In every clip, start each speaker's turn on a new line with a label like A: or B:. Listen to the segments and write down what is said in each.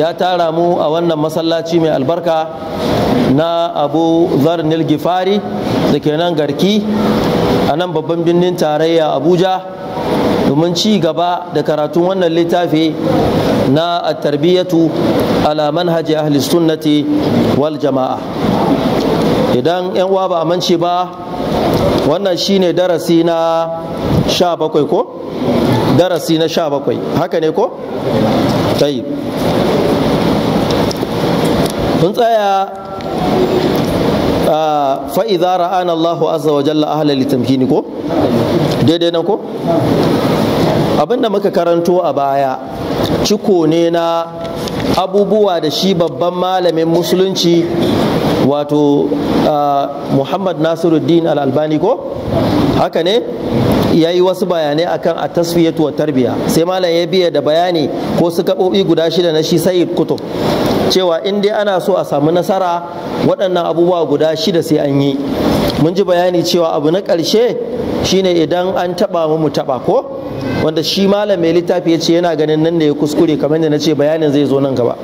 A: ya tara mu a wannan masallaci mai albarka na abu zar gifari da ke nan garki a nan babban birnin tarayya abuja domin ci gaba da karatun wannan littafi na tarbiyyatu ala manhaji ahli sunnati wal jama'a idan yan uwa ba a mance ba wannan shine darasi na sha bakwai ko darasi na sha bakwai haka ne ko tayyib mun tsaya fa idza ra’an Allah azza wa jalla ahla litamkini ko daidai nan ko abinda muka karanto a baya ciko ne na abubuwa da shi babban malamin musulunci wato muhammad nasiruddin al-albani ko haka ne ya yi wasu bayanai akan a tasfiyatu wa tarbiya sai malam ya biya da bayani ko su kaɓoɓi guda shida na shi sayyid kutub cewa in dai ana so a samu nasara waɗannan abubuwa guda shida sai an yi mun ji bayani cewa abu na ƙarshe shine idan an taɓa mu mu taɓa ko wanda shi malam mai littafi ya ce yana ganin nan ne ya kuskure kamar da na ce bayanin zai zo nan gaba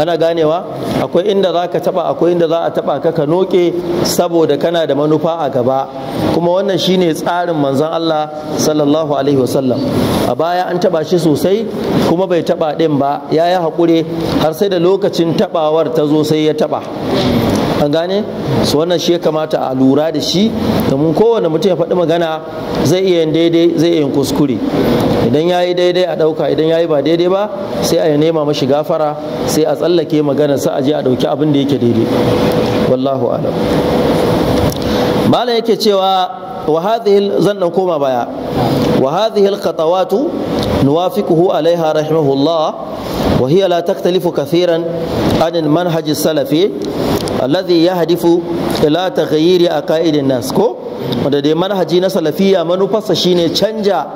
A: ana ganewa akwai inda za ka taba akwai inda za a taba ka ka noke saboda kana da manufa a gaba kuma wannan shine tsarin manzon Allah sallallahu alaihi wasallam a baya an taba shi sosai kuma bai taba din ba ya yi haƙure har sai da lokacin tabawar ta zo sai ya taba kan gane su wannan shi ya kamata a lura da shi domin kowane mutum ya faɗi magana zai iya yin daidai zai iya yin kuskure idan ya yi daidai a ɗauka idan ya yi ba daidai ba sai a nema mashi gafara sai a tsallake magana sa a je a ɗauki abin da yake daidai wallahu alam malam yake cewa wa hadhihi zan dan koma baya wa hadhihi alqatawat nuwafiquhu alaiha rahimahullah wa hiya la taktalifu kathiran an almanhaj salafi ya hadifu ila taghayyiri aqaidin nas ko wanda dai manhaji na salafiya manufarsa shine canja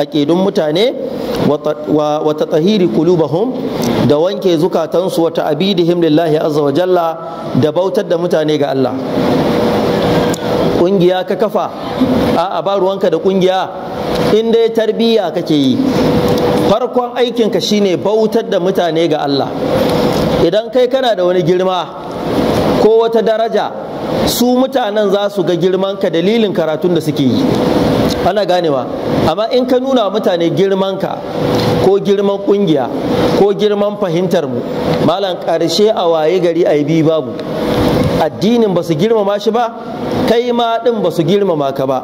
A: aqidun mutane wa tatahiri qulubahum da wanke zukatansu wata ta'bidihim lillahi azza wa jalla da bautar da mutane ga Allah kungiya ka kafa a ba ruwanka da kungiya in dai tarbiyya kake yi farkon aikinka shine bautar da mutane ga Allah idan kai kana da wani girma ko wata daraja su mutanen za su ga girman ka dalilin karatun da suke yi ana ganewa amma in ka nuna mutane girman ka ko girman kungiya ko girman fahimtar mu malam karshe a waye gari a bi babu addinin ba su girmama shi ba kai ma din ba su girmama ka ba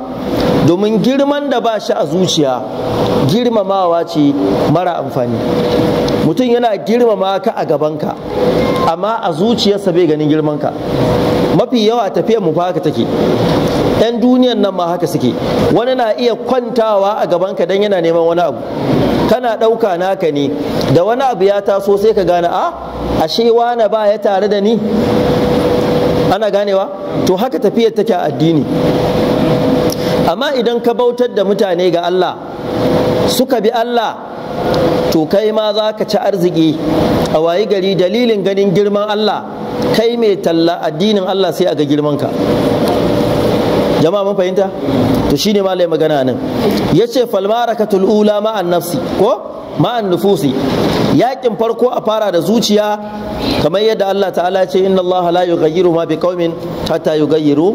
A: domin girman da ba shi a zuciya girmamawa ce mara amfani mutum yana girmama ka a gabanka amma a zuciyarsa bai ganin girmanka mafi yawa tafiyar mu haka take yan duniyan nan ma haka suke wani na iya kwantawa a gabanka dan yana neman wani abu kana ɗauka naka ne da wani abu ya taso sai ka gane a ah, ashe wane ba ya tare da ni ana ganewa to haka tafiyar take a addini amma idan ka bautar da mutane ga Allah suka bi Allah to kai ma za ka ci arziki a wayi gari dalilin ganin girman Allah kai mai talla addinin Allah sai a ga girman ka jama'a mun fahimta to shine malai magana nan yace falmarakatul ula ma'an nafsi ko ma'an nufusi yakin farko a fara da zuciya kamar yadda Allah ta'ala ce inna Allah la yughayyiru ma biqaumin hatta yughayyiru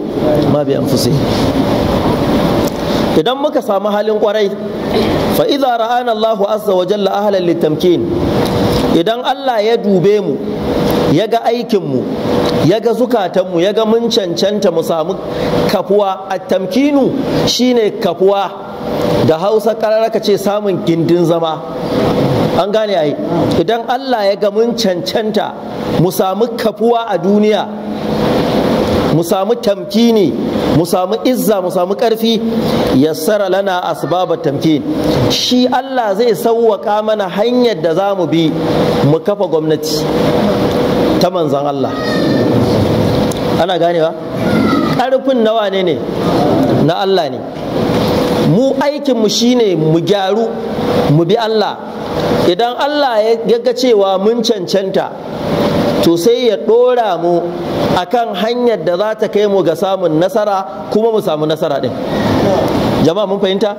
A: ma bi anfusihim idan muka samu halin kwarai fa idza ra'ana Allah azza wa jalla ahlan litamkin idan Allah ya dube mu ya ga mu ya ga zukatanmu ya ga mun cancanta mu samu kafuwa a tamkinu shine kafuwa da hausa kararraka ce samun gindin zama an gane ai idan Allah ya ga mun cancanta mu samu kafuwa a duniya mu samu tamkini mu samu izza mu samu ƙarfi yassara lana asbabat tamkin shi Allah zai sauwaka mana hanyar da za mu bi mu kafa gwamnati ta manzan Allah ana ganewa ƙarfin nawa ne ne na Allah ne mu aikinmu shine mu gyaru mu bi Allah idan Allah ya ga cewa mun cancanta to sai ya ɗora mu akan hanyar da za ta kai mu ga samun nasara kuma mu samu nasara ɗin jama'a mun fahimta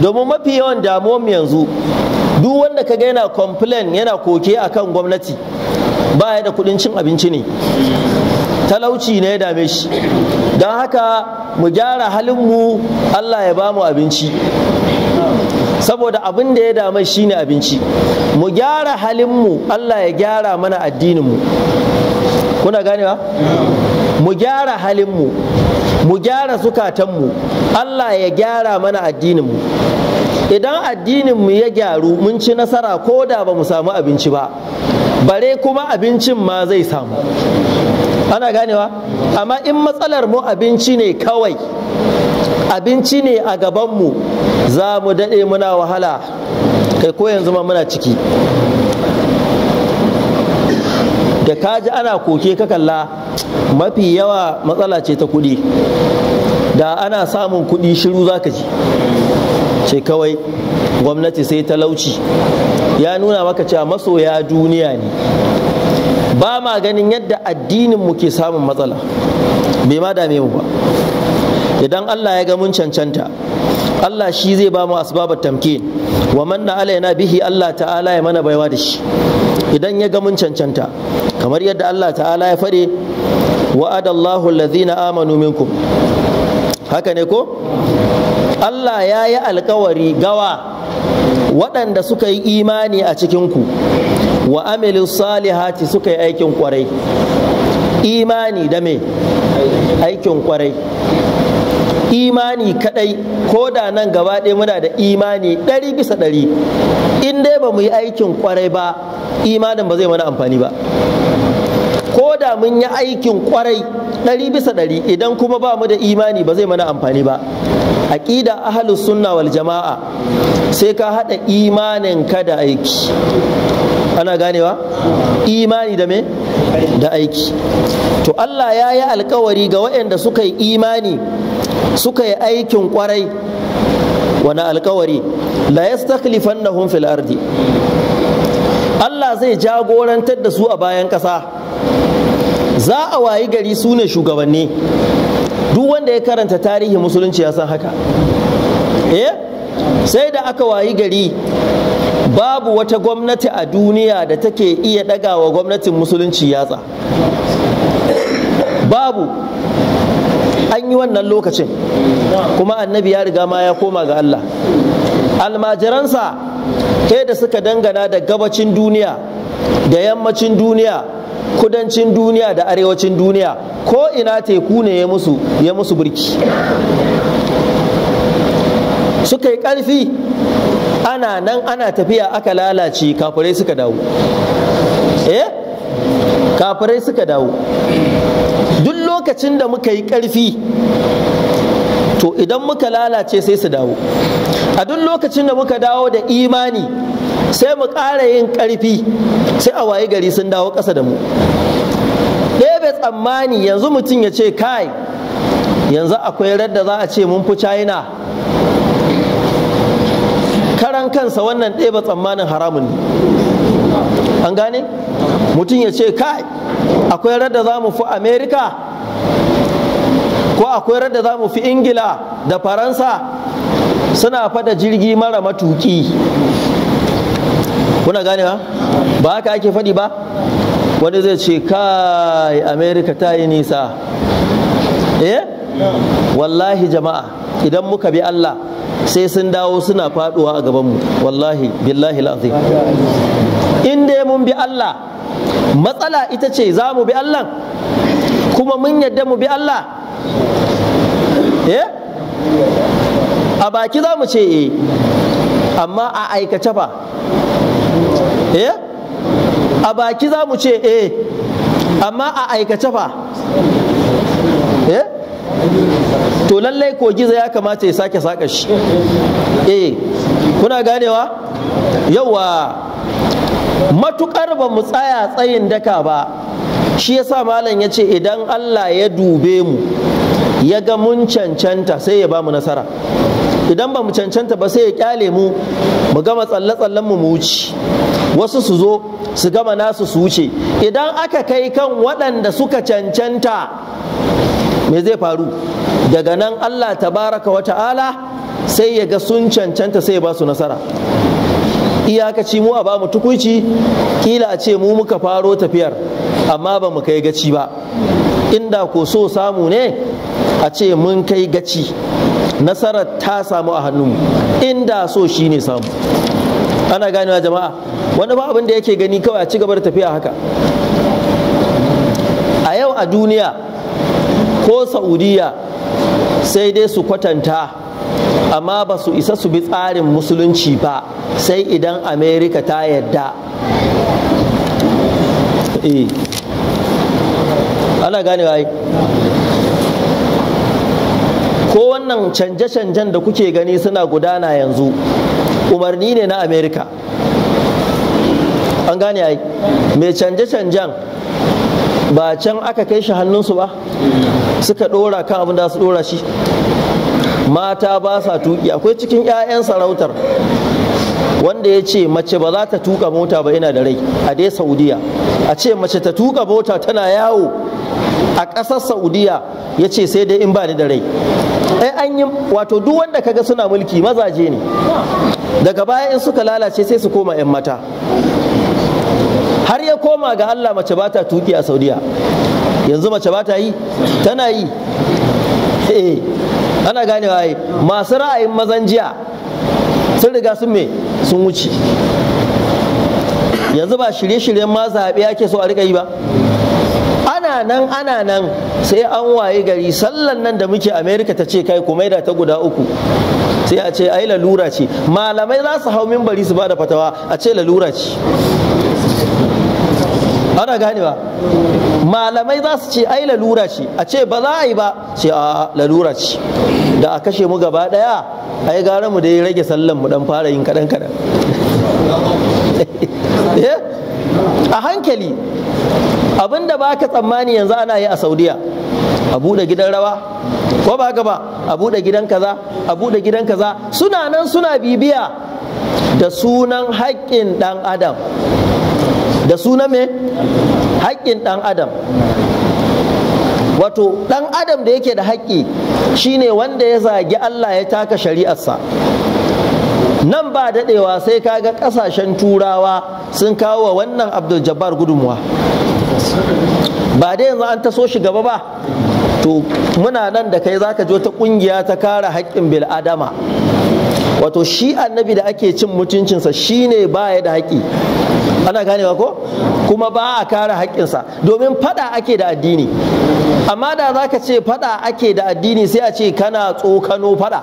A: domin mafi yawan mu yanzu duk wanda ka ga yana complain yana koke akan gwamnati ba ya da kudin cin abinci ne talauci ne ya dame shi don haka mu gyara halin mu. Allah ya ba mu abinci saboda abin da ya dama shine abinci mu gyara halinmu Allah ya gyara mana addininmu kuna ganewa mu gyara halinmu mu gyara zukatanmu Allah ya gyara mana addininmu idan addininmu ya gyaru mun ci nasara ko da ba mu samu abinci ba bare kuma abincin ma zai samu ana ganewa amma in matsalar mu abinci ne kawai abinci ne a gabanmu za mu daɗe muna wahala kai ko yanzu ma muna ciki da ka ji ana koke ka kalla mafi yawa matsala ce ta kuɗi da ana samun kuɗi shiru za ka ji ce kawai gwamnati sai talauci ya nuna maka cewa masoya duniya ne ba ma ganin yadda addininmu ke samun matsala bai ma dame mu ba idan Allah ya ga mun cancanta Allah shi zai ba mu asbabat tamkin wa manna alaina bihi Allah ta'ala ya mana baiwa da shi idan ya ga mun cancanta kamar yadda Allah ta'ala ya faɗi, wa'adallahu allazina amanu minkum haka ne ko Allah ya yi alkawari gawa waɗanda suka yi imani a cikinku wa amilin salihati suka yi aikin kwarai imani da me aikin kwarai imani kadai ko da nan gaba ɗaya muna da imani ɗari bisa ɗari in dai ba mu yi aikin kwarai ba imanin ba zai mana amfani ba ko da mun yi aikin kwarai ɗari bisa ɗari idan kuma ba mu da imani ba zai mana amfani ba aƙida ahalus sunna wal jama'a sai ka haɗa imanin ka da aiki ana ganewa imani da me da aiki to Allah ya yi alkawari ga waɗanda suka yi imani suka yi aikin kwarai wani alkawari la yastakhlifannahum fil ardi Allah zai jagorantar da su a bayan ƙasa za a wayi gari su ne shugabanni duk wanda ya karanta tarihi musulunci ya san haka eh sai da aka wayi gari babu wata gwamnati a duniya da take iya ɗagawa gwamnatin musulunci yatsa babu an yi wannan lokacin kuma annabi ya riga ma ya koma ga Allah almajiransa ke da suka dangana da gabacin duniya da yammacin duniya kudancin duniya da arewacin duniya ko ina teku ne ya musu ya musu birki suka yi ƙarfi ana nan ana tafiya aka lalace kafirai suka dawo eh kafirai suka dawo duk lokacin da muka yi ƙarfi to idan muka lalace sai su dawo a duk lokacin da muka dawo da imani sai mu ƙara yin ƙarfi sai a waye gari sun dawo ƙasa da mu ɗebe tsammani yanzu mutum ya ce kai yanzu akwai radda za a ce mun fi china karan kansa wannan ɗebe tsammanin haramun an gane mutum ya ce kai akwai rada za mu fi amerika ko akwai rada za mu fi ingila da faransa suna fada jirgi mara matuki kuna gane ha ba haka ake faɗi ba wani zai ce kai amerika ta yi nisa eh wallahi jama'a idan muka bi allah sai sun dawo suna faduwa a gabanmu wallahi billahi la'azim in dai mun bi allah matsala ita ce za mu bi Allah kuma mun yadda mu bi Allah eh a baki za mu ce eh amma a aikace fa eh a baki za mu ce eh amma a aikace fa eh to lallai ko gizo ya kamata ya sake saka shi eh kuna ganewa yawa matukar ba mu tsaya tsayin daka ba shi yasa malam ya ce idan Allah ya dube mu ya ga mun cancanta sai ya ba mu nasara idan ba mu cancanta ba sai ya kyale mu mu gama tsalle-tsallen mu wuce wasu su zo su gama nasu su wuce idan aka kai kan waɗanda suka cancanta me zai faru daga nan Allah tabaraka wa ta'ala sai ya ga sun cancanta sai ya ba su nasara iyakaci mu a ba mu tukuici kila a ce mu muka faro tafiyar amma ba mu kai gaci ba inda ko so samu ne a ce mun kai gaci nasarar ta samu a hannunmu inda so shi ne samu ana ganewa jama'a wani ba abin da yake gani kawai a ci gaba da tafiya haka a yau a duniya ko saudiya sai dai su kwatanta amma ba su isa su bi tsarin musulunci ba sai idan amerika ta yadda eh. ana gane ai ko wannan canje-canjen da kuke gani suna gudana yanzu umarni ne na amerika an gane ai mai canje-canjen ba can aka kai shi hannunsu ba suka dora kan abin da su dora shi mata ba sa tuki akwai cikin 'ya'yan sarautar wanda ya ce mace ba za ta tuka mota ba yana da rai a dai saudiya a ce mace ta tuka mota tana yawo a ƙasar saudiya ya ce sai dai in ba da rai ai an yi wato duk wanda kaga suna mulki mazaje ne daga baya in suka lalace sai su koma 'yan mata har ya koma ga allah mace ba ta tuki a saudiya yanzu mace ba ta yi tana yi eh. ana ganewa ai masu ra'ayin mazan jiya sun riga sun me sun wuce yanzu ba shirye-shiryen ma zaɓe ake so a riƙa yi ba ana nan ana nan sai an waye gari sallan nan da muke Amerika ta ce kai ku maida ta guda uku sai a ce ai lalura ce malamai za su hau mimbari su ba da fatawa a ce lalura ce ana ganewa malamai za su ce ai lalura ce a ce ba za a yi ba ce a lalura ce da a kashe mu gaba daya ai gara mu dai rage sallan mu dan fara yin kadan kadan eh? a hankali abinda ba ka tsammani yanzu ana yi a saudiya a buɗe gidan rawa ko ba ba a buɗe gidan kaza a buɗe gidan kaza suna nan suna bibiya da sunan haƙƙin ɗan adam da suna me haƙƙin ɗan adam wato ɗan adam da yake da haƙƙi shine wanda ya zagi Allah ya taka shari'arsa nan ba daɗewa sai kaga ƙasashen turawa sun kawo wa wannan abdul jabbar gudunmuwa ba da yanzu an taso shi gaba ba to muna nan da kai zaka jo ta ƙungiya ta kare haƙƙin bil'adama wato shi annabi da ake cin mutuncinsa shine baya da haƙi ana ganewa ko kuma ba a kare haƙƙinsa domin fada ake da addini amma da za ka ce fada ake da addini sai a ce kana tsokano fada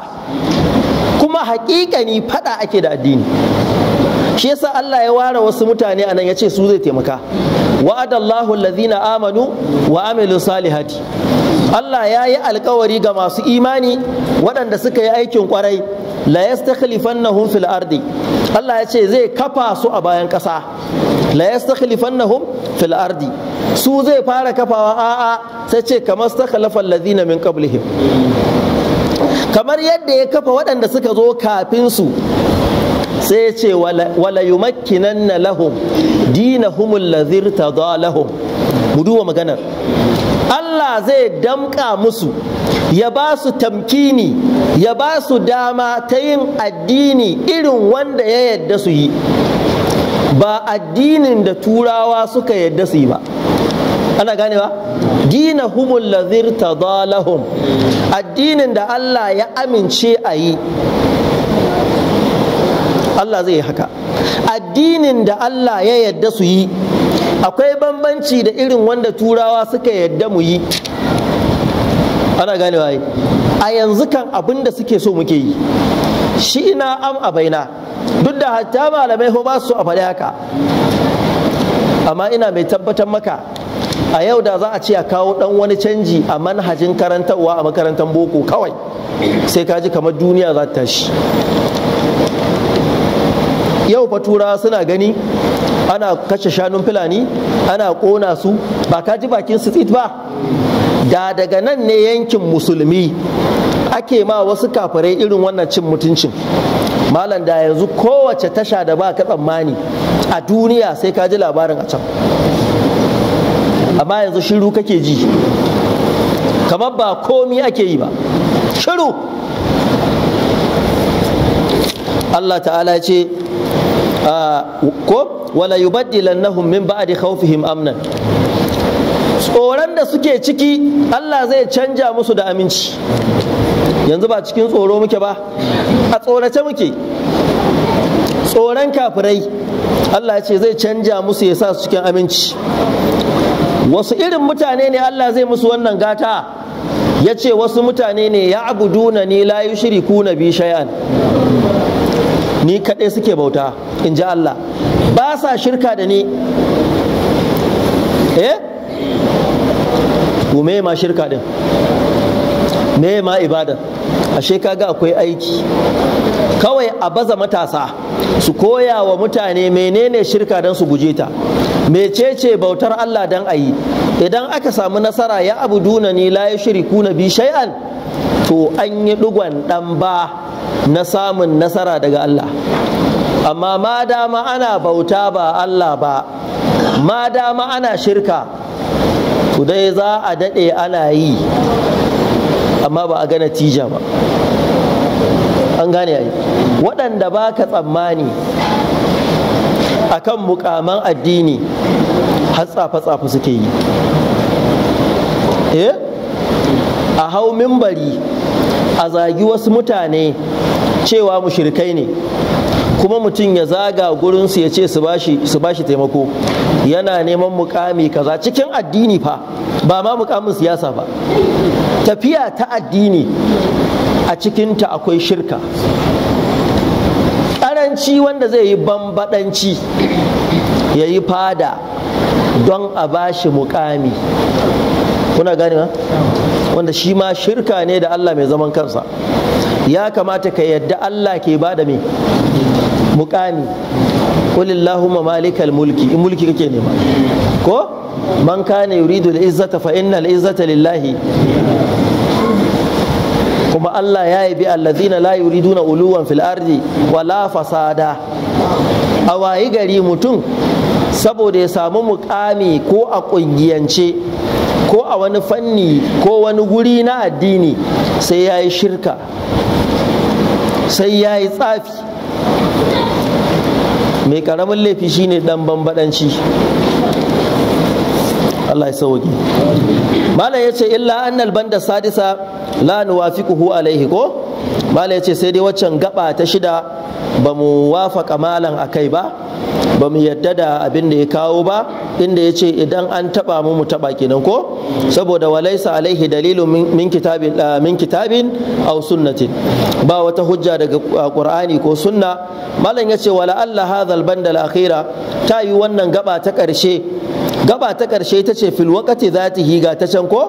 A: kuma haƙiƙani fada ake da addini shi yasa Allah ya ware wasu mutane anan ya ce su zai taimaka wa'adallahu allazina amanu wa amilu salihati Allah ya yi alkawari ga masu imani waɗanda suka yi aikin kwarai la yastakhlifannahum fil ardi Allah ya ce zai kafa su a bayan ƙasa la yastakhlifannahum fil ardi su zai fara kafawa a'a sai ce kamar stakhlafa Ladina min qablihim kamar yadda ya kafa waɗanda suka zo kafin su sai ce wala yumakkinanna lahum dinahum ta irtada lahum mu duba maganar Allah zai damƙa musu ya ba su tamkini ya ba su dama ta yin addini irin wanda ya yadda su yi ba addinin da turawa suka yadda su yi ba ana gane ba dina humul lazir tadalahum addinin da Allah ya amince a yi Allah zai haka addinin da Allah ya yadda su yi akwai bambanci da irin wanda turawa suka yadda mu yi ana ganewa yi a yanzu kan abin da suke so muke yi shi ina am a baina duk da hatta malamai ko ba su a faɗi haka amma ina mai tabbatar maka a yau da za a ce a kawo dan wani canji a manhajin karantarwa a makarantar boko kawai sai ka ji kamar duniya za ta tashi yau fatura suna gani ana kashe shanun fulani ana kona su ba ka ji bakin su tsit ba da daga nan ne yankin musulmi ake ma wasu kafirai irin wannan cin mutuncin malam da yanzu kowace tasha da ba ka tsammani a duniya sai ka ji labarin a can amma yanzu shiru kake ji kamar ba komi ake yi ba shiru Allah ta'ala ce ah, ko wala yubaddilannahum min ba'di khawfihim amnan tsoron da suke ciki Allah zai canja musu da aminci yanzu ba cikin tsoro muke ba a tsorace muke tsoron kafirai Allah ce zai canja musu ya sa su cikin aminci wasu irin mutane ne Allah zai musu wannan gata ya ce wasu mutane ne ya abuduna ni la kuna bi shay'an ni kaɗai suke bauta in ji Allah ba sa shirka da ni eh to ma shirka din me ma ibada ashe kaga akwai aiki kawai a baza matasa su koya wa mutane menene shirka don su guje ta mecece bautar Allah don a yi idan aka samu nasara ya abu duna ni la ya shiriku na bi shay'an to an yi dugon dan ba na samun nasara daga Allah amma ma dama ana bauta ba Allah ba ma dama ana shirka to dai za a daɗe ana yi amma ba a ga tija ba an gane ai waɗanda ba ka tsammani akan mukaman addini har tsafe-tsafe suke yi eh a hau mimbari a zagi wasu mutane cewa mushirikai ne kuma mutum ya zaga gurinsu ya ce su bashi taimako yana neman mukami kaza cikin addini fa ba ma mukamin siyasa ba tafiya ta addini a cikinta akwai shirka ƙaranci wanda zai yi bambaɗanci ya yi fada don a ba shi mukami kuna gane ma wanda shi ma shirka ne da Allah mai zaman kansa ya kamata ka yadda Allah ke ba da me mukami qulillahumma malikal mulki in mulki kake nema ko man kana yuridu al-izzata fa na izzata lillahi kuma Allah ya yi bi allazina la yuriduna uluwan fil ardi wala fasada a wayi gari mutum saboda ya samu muƙami ko a ƙungiyance ko a wani fanni ko wani guri na addini sai ya yi shirka sai ya yi tsafi mai karamin laifi shine dan bambadanci Allah ya sauke malam yace illa annal banda sadisa la nuwafiquhu alaihi ko malam yace sai dai waccan gaba ta shida ba mu wafaka malam akai ba ba mu yadda da abin da ya kawo ba inda ya ce idan an taba mu mu taba kenan ko saboda walaisa alaihi dalilu min kitabin ah, min kitabin aw sunnatin ba wata hujja daga ah, qur'ani ko sunna malam yace ce wala alla hadha al bandal akhira ta yi wannan gaba ta karshe gaba ta karshe ta ce fil waqati zatihi ga ta can ko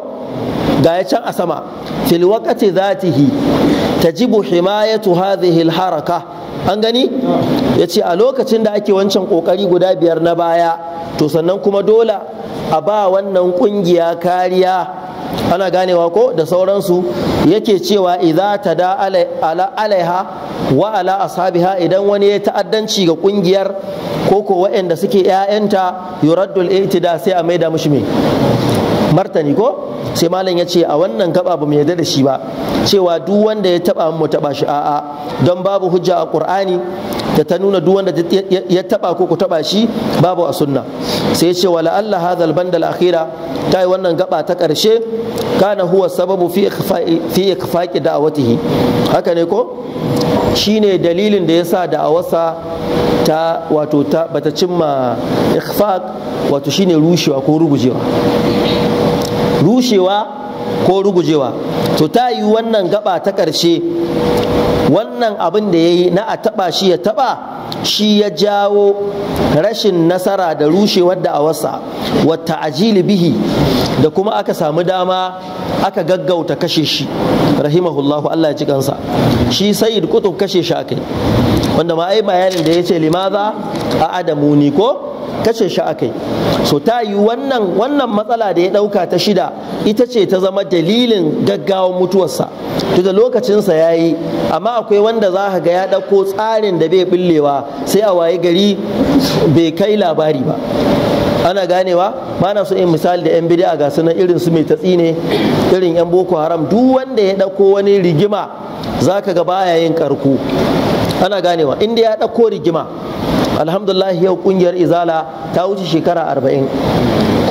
A: ga ya can a sama fil waqati zatihi tajibu himayatu hadhihi al haraka an gani ya ce a lokacin da ake wancan kokari guda biyar na baya to sannan kuma dole a ba wannan kungiya kariya ana ganewa ko da sauransu yake cewa idza ta ala alaiha wa ala ashabiha idan wani ya ta'addanci ga kungiyar ko ko suke 'ya'yanta yuraddul i'tida sai a maida mushi me martani ko sai malam ya ce a wannan gaba ba mu yarda da shi ba cewa duk wanda ya taba mu taba shi a'a don babu hujja a qur'ani da ta nuna duk wanda ya taba ko ku taba shi babu a sunna sai ya ce wala Allah hadha al al akhira tai wannan gaba ta karshe kana huwa sababu fi ikhfa'i fi ikhfa'i da'watihi haka ne ko shine dalilin da yasa da'awarsa ta wato ta bata cimma ikfak wato shine rushewa ko rubujewa. rushewa ko rugujewa to ta yi wannan gaba ta ƙarshe wannan abin da ya yi na a taɓa shi ya taɓa shi ya jawo rashin nasara da rushewar da a wasa wata ajili bihi da kuma aka samu dama aka gaggauta kashe shi rahimahullahu Allah ya ci kansa shi sayyid kutub kashe shi akai wanda ma ai bayanin da ya ce limaza a adamu ni ko kashe shi akai so ta yi wannan wannan matsala da ya ɗauka ta shida ita ce ta zama dalilin gaggawan mutuwarsa duk da lokacinsa ya yi amma akwai wanda za ka ga ya ɗauko tsarin da bai billewa sai a waye gari bai kai labari ba ana ganewa ba na so in misali da yan bid'a ga sunan irin su mai tatsi ne irin yan boko haram duk wanda ya ɗauko wani rigima za ka ga baya yin karku ana ganewa inda ya ɗauko rigima alhamdulillah yau kungiyar izala ta wuce shekara arba'in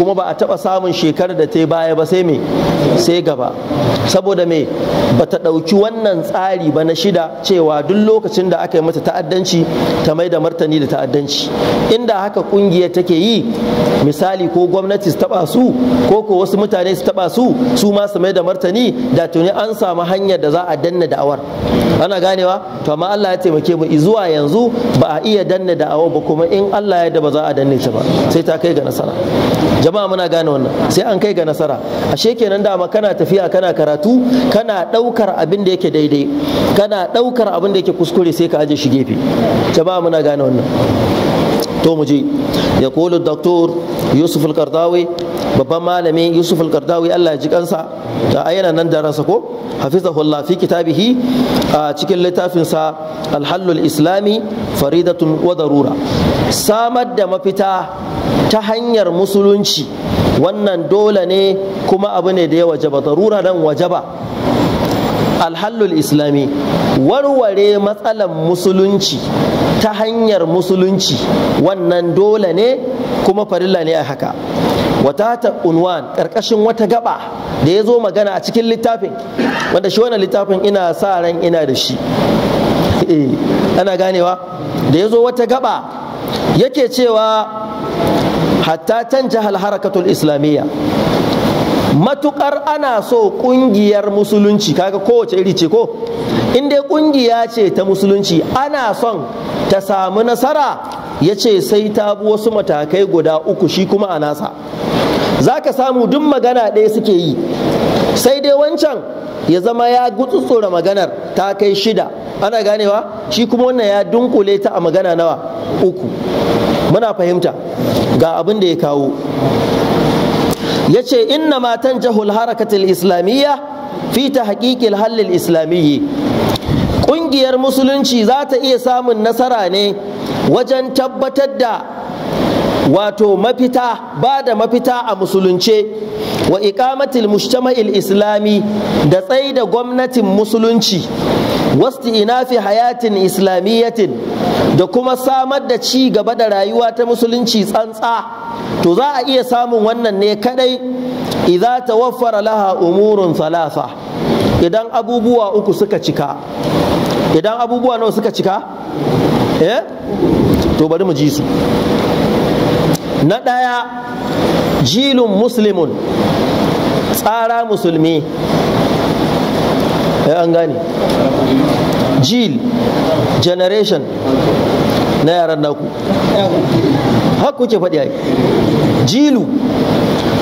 A: kuma ba a taɓa samun shekarar da ta baya ba sai me sai gaba saboda me ba ta ɗauki wannan tsari ba na shida cewa duk lokacin da aka yi mata ta'addanci ta mai da martani da ta'addanci inda haka ƙungiya take yi misali ko gwamnati su taɓa su ko ko wasu mutane su taɓa su su ma su mai da martani da tuni an samu hanyar da za a danna da'awar ana ganewa to amma Allah ya taimake mu zuwa yanzu ba a iya danna da'awar ba kuma in Allah ya da ba za a danne ta ba sai ta kai ga nasara jama'a muna gane wannan sai an kai ga nasara ashe kenan dama kana tafiya kana karatu kana ɗaukar abin da yake daidai kana ɗaukar abin da yake kuskure sai ka aje shi gefe jama'a muna gane wannan to mu je ya kolo doktor yusuf al-kardawi babban malami yusuf al-kardawi allah ya ji kansa ta ayyana nan darasa ko ko Allah fi kitabihi a cikin littafinsa alhallul islami faridatun wa darura samar da mafita ta hanyar musulunci wannan dole ne kuma abu ne da ya wajaba darura waje wajaba alhallul islami warware matsalar musulunci ta hanyar musulunci wannan dole ne kuma farilla ne a haka wata ta unwan ƙarƙashin wata gaba da ya zo magana a cikin littafin wanda shi wannan littafin ina sa ran ina da shi eh, ana ganewa da ya zo wata gaba yake cewa hatta jihar harakatul islamiyya matukar ana so kungiyar musulunci kaga kowace iri ce ko in dai kungiya ce ta musulunci ana son ta samu nasara ya ce sai ta bi wasu matakai guda uku shi kuma a nasa za ka samu duk magana ɗaya suke yi sai dai wancan ya zama ya gutsutsura maganar ta kai shida ana ganewa shi kuma wannan ya dunkule ta a magana nawa uku muna fahimta ga abin da ya kawo ya ce inna matan jahul harakatul islamiyya fi ta haƙiƙil hallil islamiyyi ƙungiyar musulunci za ta iya samun nasara ne wajen tabbatar da wato mafita ba da mafita a musulunce wa iqamatil mujtama'il islami da tsaida gwamnatin musulunci wasti ina fi hayatin islamiyyatin da kuma samar da ci gaba da rayuwa ta musulunci tsantsa to za a iya samun wannan ne kadai idza tawaffara laha umurun thalatha idan abubuwa uku suka cika idan abubuwa nawa suka cika eh to bari mu ji su na ɗaya jilun muslimun tsara musulmi ya eh, an gane jil generation na yaran naku haka kuke faɗi ai jilu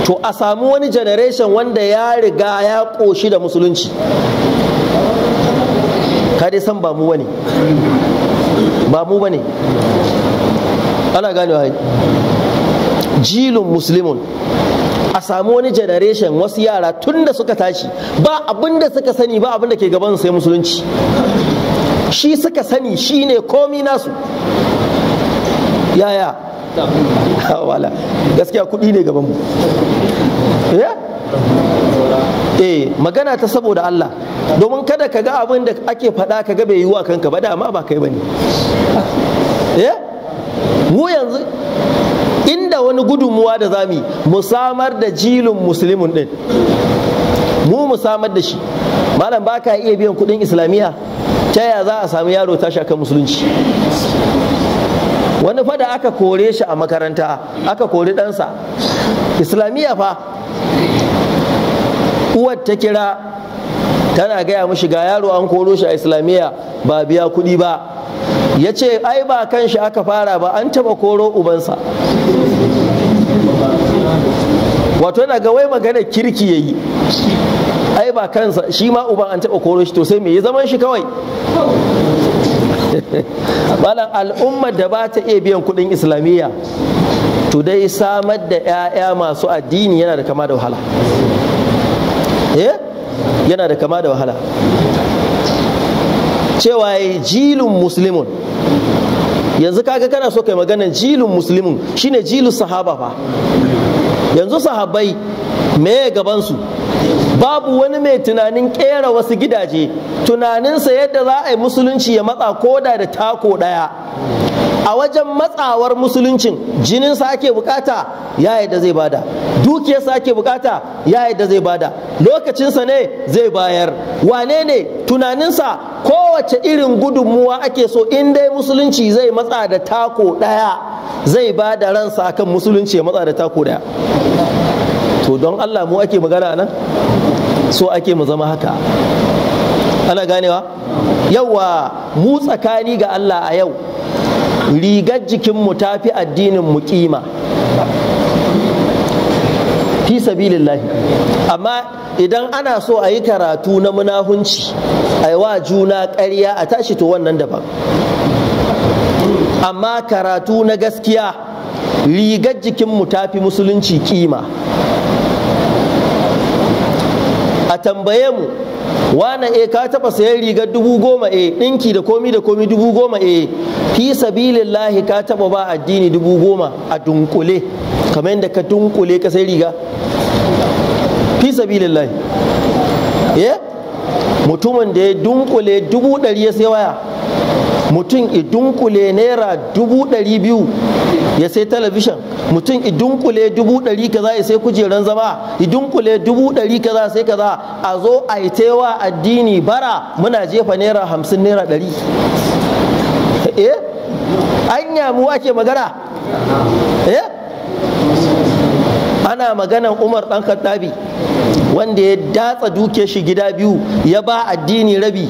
A: to a samu wani generation wanda ya riga ya ƙoshi da musulunci ka dai san ba mu bane ba mu bane ana gane hai jilun musulmun. a samu wani generation wasu yara tun da suka tashi ba abin da suka sani ba abin da ke gaban sai musulunci shi suka sani shi ne komi nasu yaya wala gaskiya kuɗi ne gaban mu eh? eh magana ta saboda Allah domin kada ka ga abin da ake faɗa ka ga bai yi wa kanka ba dama ba kai bane eh mu yanzu da wani gudunmuwa da zami mu samar da jilin musulmin din mu mu samar da shi malam ba ka iya biyan kudin islamiyya ta yaya za a samu yaro ta shaka musulunci wani fada aka kore shi a makaranta aka kori ɗansa islamiyya fa uwar ta kira tana gaya mishi ga yaro an koro shi a islamiyya ba biya kuɗi ba ya ce ai ba kan shi aka fara ba an taɓa koro ubansa wato yana ga wai magana kirki ya yi ai ba kansa shi ma uban an taɓa koro shi to sai me ya zaman shi kawai malam al'ummar da ba ta iya biyan kuɗin islamiyya to dai samar da 'ya'ya masu addini yana da kama da wahala eh? yana da kama da wahala cewa jilun musulmin yanzu kaga kana so kai magana jilin musulmin shine jilin sahaba fa yanzu sahabbai me gaban su babu wani mai tunanin kera wasu gidaje tunaninsa yadda za a yi musulunci ya matsa koda da tako daya a wajen matsawar musuluncin jinin sa ake bukata ya yadda zai bada dukiyar sa ake bukata ya yadda zai bada lokacin ne zai bayar wane ne tunanin kowace irin gudunmuwa ake so in dai musulunci zai matsa da tako daya zai bada ransa akan musulunci ya matsa da tako daya to don Allah mu ake magana nan so ake mu zama haka ana ganewa yawa mu tsakani ga Allah a yau rigar jikinmu ta fi addinin mu kima fi sabilillahi amma idan ana so a yi karatu na munahunci a wa juna ƙarya a tashi to wannan daban amma karatu na gaskiya rigar jikinmu ta fi musulunci kima a tambaye mu wana e eh, ka taba sayan riga dubu goma e ɗinki da komi da komi dubu goma e fi lahi ka taba ba addini dubu goma a dunkule kamar yadda ka dunkule ka sai riga fi lahi ya mutumin da ya dunkule dubu ɗari ya sai waya mutum ya dunkule naira dubu ɗari biyu ya sai talabishin mutum idunkule dubu ɗari kaza ya sai kujeran zama idunkule dubu ɗari kaza sai kaza a zo a yi taiwa addini bara muna jefa naira hamsin naira ɗari eh an yamu ake magana eh ana maganan umar ɗan khattabi wanda ya datsa duke shi gida biyu ya ba addini rabi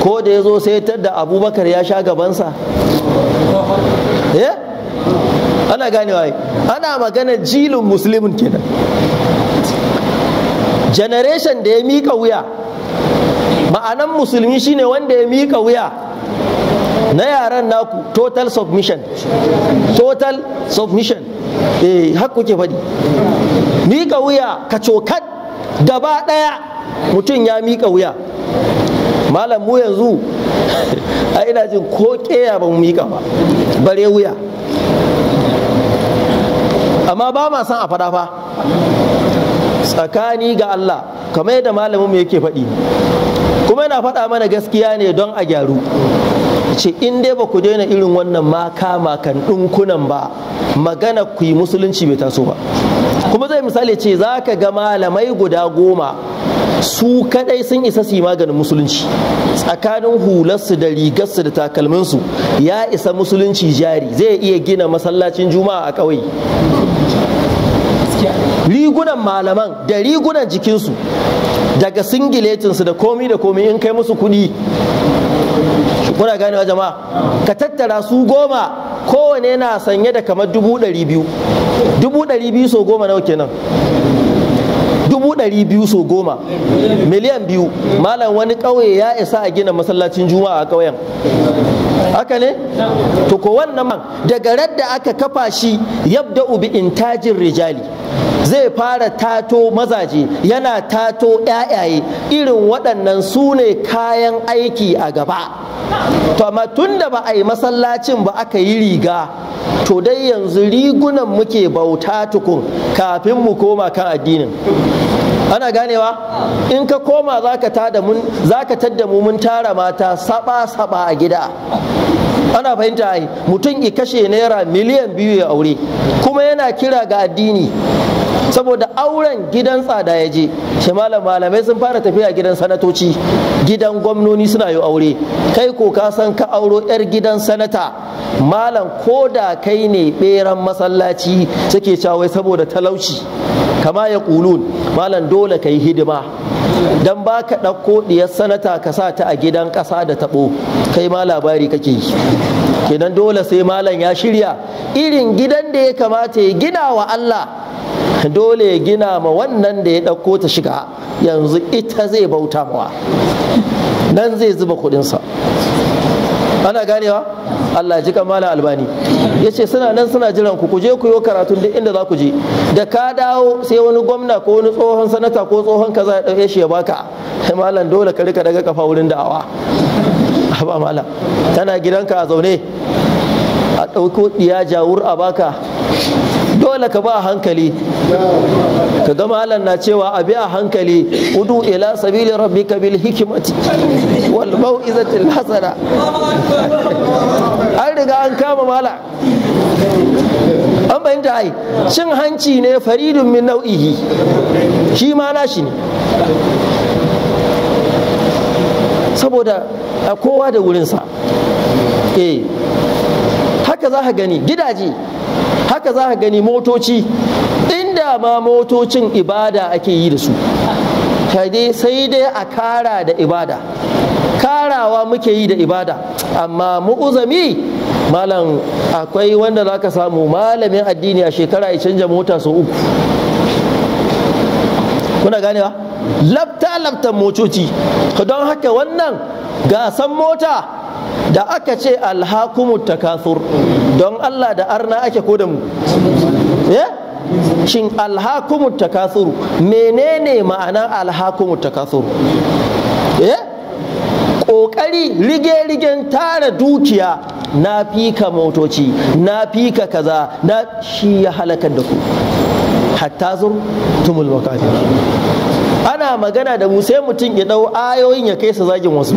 A: ko da ya zo sai tadda abubakar ya sha gabansa Eh? ana ganewa ai ana magana jilin musulmin kenan generation da ya mika wuya ma'anan musulmi shine wanda ya mika wuya na yaran naku total submission total submission eh haka kuke faɗi mika wuya ka cokat gaba ɗaya mutum ya mika wuya malam mu yanzu a ina jin ko keya ba mu mika ba bare wuya amma ba ma san a faɗa fa tsakani ga Allah kamar yadda malamin mu yake faɗi kuma yana faɗa mana gaskiya ne don a gyaru ce in dai ba ku daina irin wannan maka makan ɗinkunan ba magana ku yi musulunci bai taso ba kuma zai misali ce za ka ga malamai guda goma su kadai sun isa su yi maganin musulunci tsakanin hularsu da rigarsu da takalminsu ya isa musulunci jari zai iya gina masallacin juma'a a ƙauye rigunan malaman da rigunan jikinsu daga singiletinsu da komi da komi in kai musu kuɗi kuna gane wa jama'a ka tattara su goma kowane na sanye da kamar dubu ɗari biyu dubu ɗari biyu so goma nawa kenan dubu ɗari biyu so goma miliyan biyu malam wani ƙauye ya isa a gina masallacin juma'a a ƙauyen haka ne to ko wannan man daga radda aka kafa shi yabda ubi intajin rijali zai fara tato mazaje yana tato yayaye irin waɗannan su ne kayan aiki a gaba to amma tun da ba a yi masallacin ba aka yi riga to dai yanzu rigunan muke bauta tukun kafin mu koma kan addinin ana ganewa in ka koma za ka tadda mu mun tara mata saba-saba a gida ana fahimta ai mutum i kashe naira miliyan biyu ya aure kuma yana kira ga addini saboda auren gidan tsada ya je shi malamai sun fara tafiya gidan sanatoci gidan gwamnoni suna yi aure kai ko ka san ka auro yar gidan sanata malam ko da kai ne beran masallaci suke cewa saboda talauci kama ya kulun malam dole ka yi hidima don ba ka ɗauko ɗiyar sanata ka sa ta a gidan ƙasa da taɓo kai ma labari kake yi kenan dole sai malam ya shirya irin gidan da ya kamata ya gina wa Allah dole ya gina ma wannan da ya ɗauko ta shiga yanzu ita zai bauta mawa nan zai zuba kuɗinsa ana ganewa Allah ji kamala albani ya ce suna nan suna jiran ku je ku yi karatun duk inda za ku je da ka dawo sai wani gwamna ko wani tsohon sanata ko tsohon kaza ya ɗauke shi ya baka malam dole ka rika daga kafa wurin da'awa ba malam tana gidanka a zaune a ɗauko ɗiya jawur a baka dole ka ba a hankali ka ga malam na cewa a bi a hankali udu ila sabili rabbika bil hikimati wal mau'izatil hasana an riga an kama mala an fahimta ai cin hanci ne faridun min nau'ihi shi ma nashi ne saboda a kowa da wurinsa eh haka za ka gani gidaje haka za ka gani motoci inda ma motocin ibada ake yi da su sai dai a kara da ibada karawa muke yi da ibada amma mu'uzami malam akwai wanda za ka samu malamin addini a shekara ya canja mota sau uku kuna ganewa lafta labtan motoci don haka wannan gasan mota da aka ce alhakumu takathur don Allah da arna ake ko da mu eh? shin alhakumu takathur menene ma'ana alhakumu takathur eh? ƙoƙari rige-rigen tara dukiya na fika motoci na fika kaza na shi ya halakar da ku hatta zur tumul ana magana da mu sai mutum ya ɗau ayoyin ya kai su zagin wasu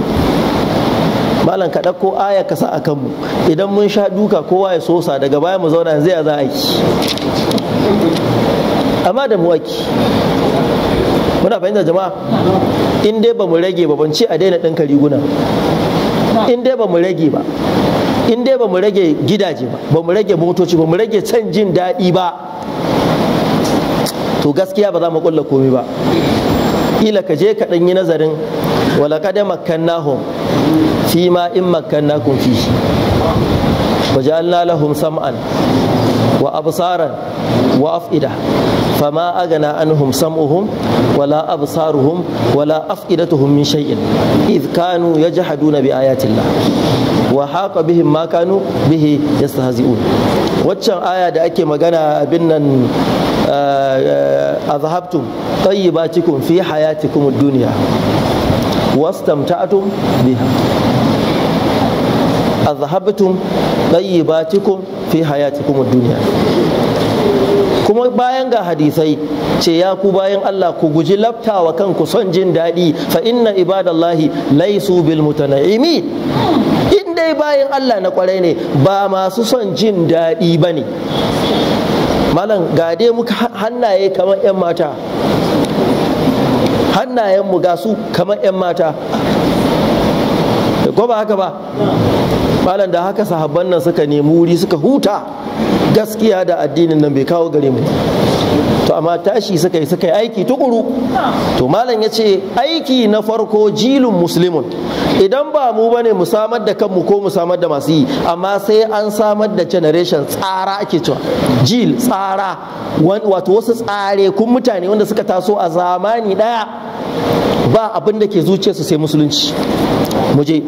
A: malam ka ɗauko aya ka sa a kanmu idan mun sha duka kowa ya sosa daga baya mu zauna yanzu ya za a yi amma da mu waki muna fahimtar jama'a in dai ba mu rage ba ban ce a daina ɗinka riguna in dai ba mu rage ba in dai ba mu rage gidaje ba ba mu rage motoci ba mu rage can jin daɗi ba to gaskiya ba za mu ƙulla komai ba kila ka je ka ɗan yi nazarin walakadai makannahun fi ma in makannakun fi wajalna lahum sam'an wa absaran wa af'ida fama agana anhum sam'uhum wala absaruhum wala af'idatuhum min shay'in id kanu yajhaduna bi ayatillah wa haqa bihim ma kanu bihi yastahzi'un waccan aya da ake magana abin nan azhabtum tayyibatikum fi hayatikum ad-dunya wastamta'tum biha azhabtum tayyibatikum fi hayatikum ad-dunya kuma bayan ga hadisai ce ya ku bayan Allah ku guji laftawa kanku son jin daɗi fa inna ibadallahi laisu bil mutana'imi in dai bayan Allah na kwarai ne ba masu son jin daɗi ba ne malam ga muka hannaye kamar 'yan mata hannayenmu ga su kamar 'yan mata ko ba haka ba malam da haka sahabban nan suka nemi wuri suka huta gaskiya da addinin nan bai kawo gare mu to amma tashi suka yi suka yi aiki tukuru to malam ya ce aiki na farko jilun musulmin. idan ba mu bane mu samar da kanmu ko mu samar da masu yi amma sai an samar da generation tsara ake cewa jil tsara wato wasu tsare kun mutane wanda suka taso a zamani daya ba abin da ke zuciyarsu sai musulunci Muje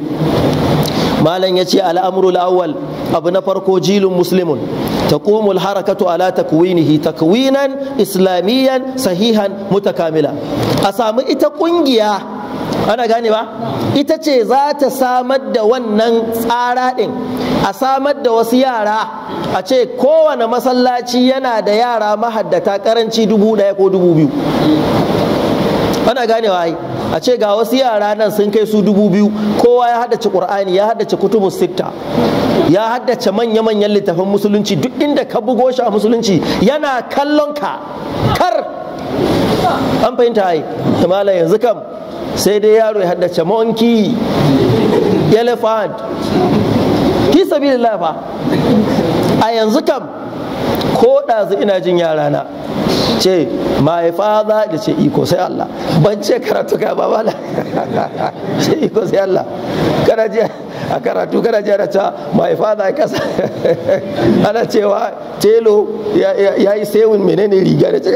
A: malam ya ce al'amurul awwal abu na farko jilun musulmin. تقوم الحركة على تكوينه تكوينا إسلاميا صحيحا متكاملا أسامي إتقنجيا ana gane ba ita ce za ta samar da wannan tsara ɗin a samar da wasu yara a ce kowane masallaci yana da yara mahaddata karanci dubu ɗaya ko dubu biyu ana ganewa ai a ce ga wasu yara nan sun kai su dubu biyu kowa ya haddace ƙur'ani ya haddace kutubus sitta ya haddace manya-manyan littafin musulunci duk inda ka bugo shi a musulunci yana kallon ka kar an fahimta ai kamala yanzu kam sai dai yaro ya haddace monkey elephant ki sabilillah fa a yanzu kam ko ɗazu ina jin yarana ce my za da ce iko sai Allah ban ce karatu ka ba la ce iko sai Allah kana je a karatu kana je da ta za father kasa ana cewa telo ya yi sewin menene riga da ce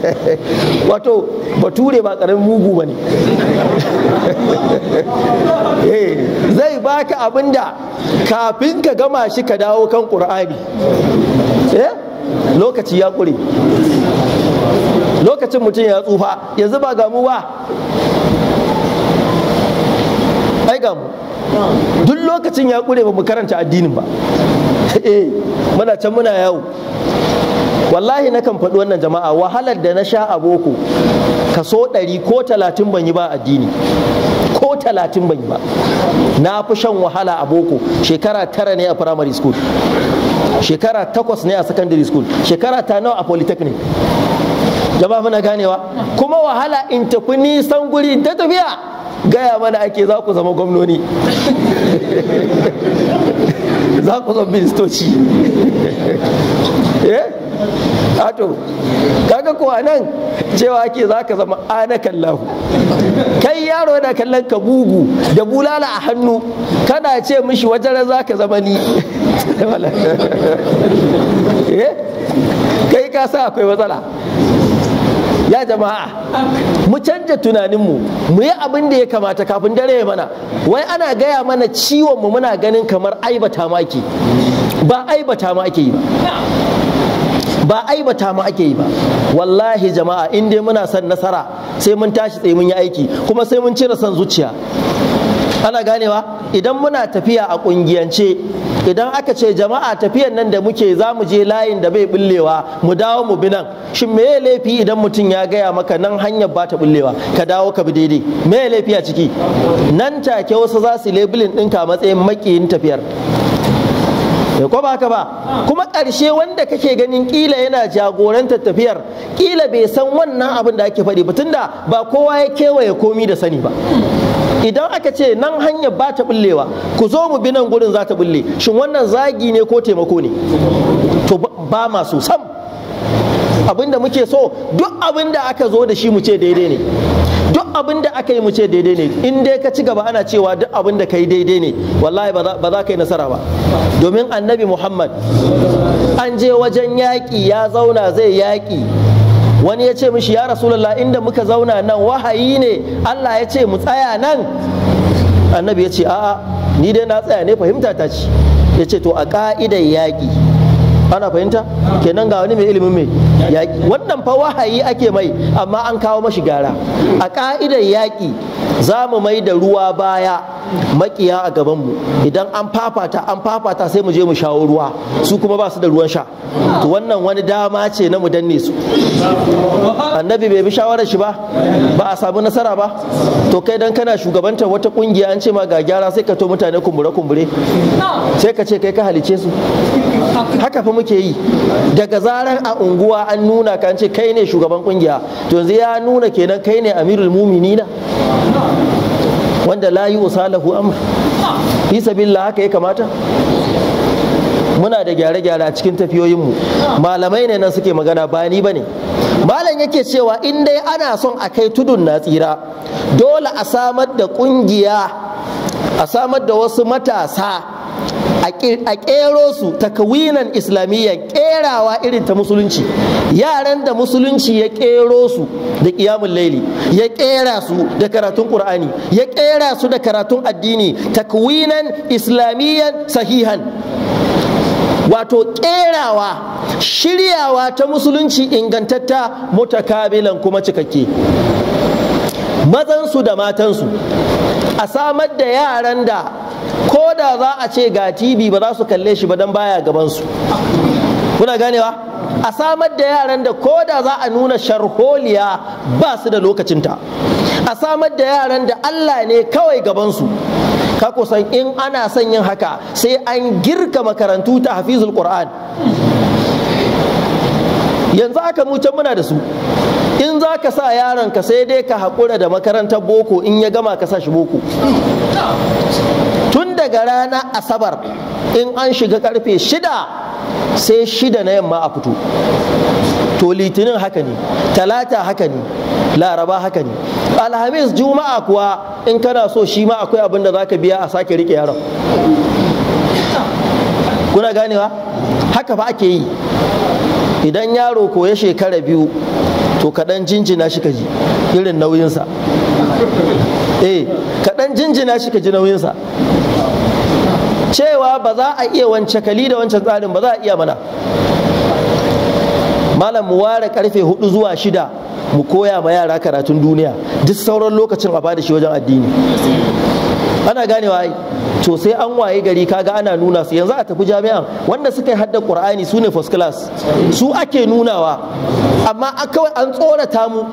A: wato bature ba karamin mugu bane eh, zai baka abinda kafin ka gama shi ka dawo kan qur'ani eh lokaci ya ƙure lokacin mutum ya tsufa yanzu ba gamu ba ai gamu duk lokacin ya ƙure ba mu karanta addinin ba eh muna can muna yawo wallahi na kan faɗi wannan jama'a wahalar da na sha a boko kaso ɗari ko talatin ban yi ba addini ko talatin ban yi ba na fi shan wahala a boko shekara tara ne a primary school shekara takwas ne a secondary school shekara ta nawa a polytechnic Jam'a muna ganewa kuma wahala in tafi nisan guri ta tafiya gaya mana ake za ku zama gwamnoni za ku zama ministoci eh ato kaga kuwa nan cewa ake za ka zama ana kallahu kai yaro yana kallon ka bugu da bulala a hannu kana ce mishi wajen za ka zama ni Eh? kai ka sa akwai matsala ya jama'a mu canja tunaninmu mu yi abin da ya kamata kafin dare ya mana wai ana gaya mana ciwonmu muna ganin kamar aibata ma ba aibata ma ake yi ba ba aibata ma ake yi ba wallahi jama'a in dai muna son nasara sai mun tashi tsaye mun yi aiki kuma sai mun cire son zuciya ana ganewa idan muna tafiya a ƙungiyance idan aka ce jama'a tafiyan nan da muke za mu je layin da bai bullewa mu dawo mu bi nan shin me laifi idan mutum ya gaya maka nan hanyar ba ta bullewa ka dawo ka bi daidai me laifi a ciki nan take wasu za su labelin ɗinka matsayin makiyin tafiyar eh, ko ba ka ba kuma ƙarshe wanda kake ganin ƙila yana jagorantar tafiyar ƙila bai san wannan abin da ake faɗi ba tunda ba kowa ya kewaye komi da sani ba idan aka ce nan hanyar ba ta bullewa ku zo mu bi nan gurin za ta bulle shin wannan zagi ne ko taimako ne to ba masu sam abinda muke so duk abinda aka zo da shi mu ce daidai ne duk abin da aka yi mu ce daidai ne in dai ka ci gaba ana cewa duk abin da ka yi daidai ne wallahi ba za ka yi nasara ba domin annabi muhammad an je wajen yaƙi ya zauna zai yaƙi wani ya ce mishi ya rasulullah inda muka zauna nan wahayi ne Allah ya ce mu tsaya nan annabi ya ce a'a ni dai na tsaya ne fahimta ta ce ya ce to a ka'idar yaƙi ana fahimta kenan ga wani mai ilimin mai yaƙi wannan fa wahayi ake mai amma an kawo mashi gara a ƙa'idar yaƙi za mu mai da ruwa baya makiya a gabanmu idan an fafata an fafata sai mu je mu shawo ruwa su kuma ba su da ruwan sha to wannan wani dama ce na mu danne su annabi bai bi shawarar shi ba ba a samu nasara ba to kai dan kana shugabantar wata kungiya an ce ma ga gyara sai ka to mutane kumbure kumbure sai ka ce kai ka halice su haka fa muke yi daga zaran a unguwa an nuna ka ce kai ne shugaban kungiya to yanzu ya nuna kenan kai ne amirul muminina wanda la yi usalahu amr fi sabilillah haka ya kamata muna da gyare-gyare a cikin tafiyoyinmu malamai ne nan suke magana ba ni ba ne malam yake cewa in dai ana son a kai tudun na tsira dole a samar da kungiya a samar da wasu matasa a kero su takawinan islamiyya kerawa irin ta musulunci yaran da musulunci ya kero su da kiyamun laili ya kera su da karatun ƙur'ani ya kera su da karatun addini takwinan islamiyyan sahihan wato kerawa shiryawa ta musulunci ingantatta mutakabilan kuma cikakke mazansu da matansu a samar da yaran da ko da za a ce ga tv ba za su kalle shi ba dan baya gabansu kuna ganewa a samar da yaran da ko da za a nuna sharholiya ba su da lokacinta a samar da yaran da allah ne kawai gabansu Ka san in ana son yin haka sai an girka makarantu ta hafizul qur'an yanzu aka mu muna da su in za ka sa yaron ka sai dai ka haƙura da makarantar boko in ya gama ka sa shi boko tun daga rana asabar in an shiga karfe shida sai shida na yamma a fito to litinin haka ne talata haka ne laraba haka ne alhamis juma'a kuwa in kana so shi ma akwai abin da za ka biya a sake rike yaron kuna ganewa haka fa ake yi idan yaro koya shekara biyu to kaɗan jinjina shi ka ji irin nauyinsa eh kaɗan jinjina shi ka ji nauyinsa cewa ba za a iya wance kali da wancan tsarin ba za a iya mana malam mu ware karfe hudu zuwa shida mu koya ma yara karatun duniya duk sauran lokacin a bada shi wajen addini ana ganewa ai to sai an waye gari kaga ana nuna su yanzu a tafi jami'an wanda suka yi hadda qur'ani su ne first class su ake nunawa amma kawai an tsorata mu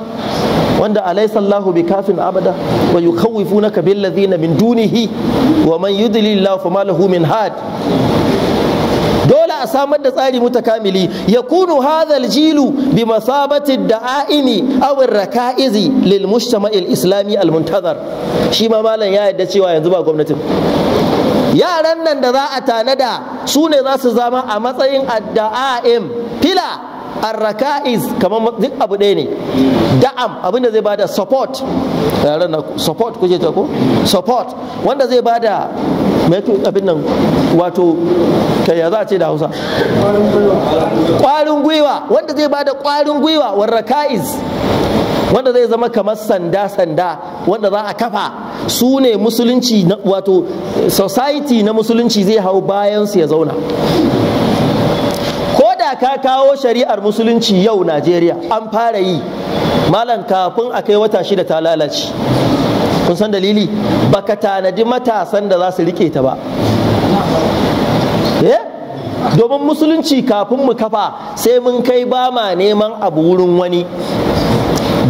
A: wanda alaysa Allahu bi kafin abada wa yukhawifunaka bil ladina min dunihi wa man yudlil Allah fama lahu min had a samar da tsari mutakamili yakunu hadhal jilu bi masabati da'aini aw raka'izi lil mujtama'il islami al muntazar shi ma malam ya yadda cewa yanzu ba gwamnatin yaran nan da za a tanada su ne za su zama a matsayin adda'aim fila arrakaiz kamar duk abu ɗaya ne da'am abin da zai bada support yaran eh, na support kuje ta ko support wanda zai bada mai abin nan wato kai ya za a ce da Hausa ƙwarin gwiwa wanda zai bada ƙwarin gwiwa warrakaiz wanda zai zama kamar sanda-sanda wanda za a kafa su ne musulunci wato society na musulunci zai hau bayan su ya zauna da ka kawo shari'ar musulunci yau najeriya an fara yi malam kafin a kai wata shida ta lalace kun san dalili Ba ka tanadi matasan da za su rike ta ba Eh, domin musulunci kafin mu kafa sai mun kai ba ma neman abu wurin wani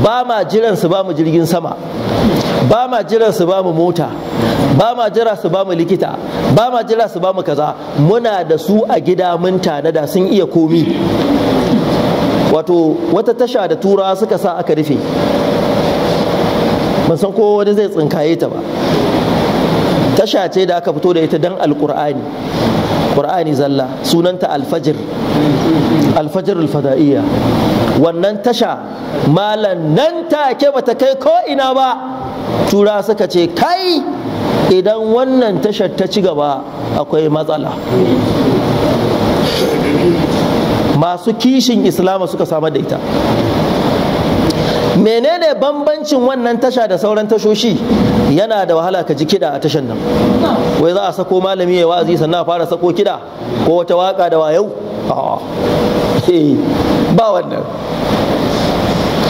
A: ba ma jiran su ba mu jirgin sama ba ma jiran su ba mu mota ba ma jira su ba mu likita ba ma jira su ba mu kaza muna da su a gida mun tanada sun iya komi wato wata tasha da turawa suka sa aka rufe ban san ko wani zai tsinkaye ta ba tasha ce da aka fito da ita dan alkur'ani qur'ani zalla sunanta alfajir alfajir alfada'iyya wannan tasha malam nan take bata kai ko ina ba tura suka ce kai idan wannan tashar ta ci gaba akwai matsala masu kishin islama suka samar da ita menene bambancin wannan tasha da sauran tashoshi yana da wahala ka ji kiɗa a tashan nan wai za a sako malami ya wa'azi sannan a fara sako kiɗa ko wata waka da wayau eh, ba wannan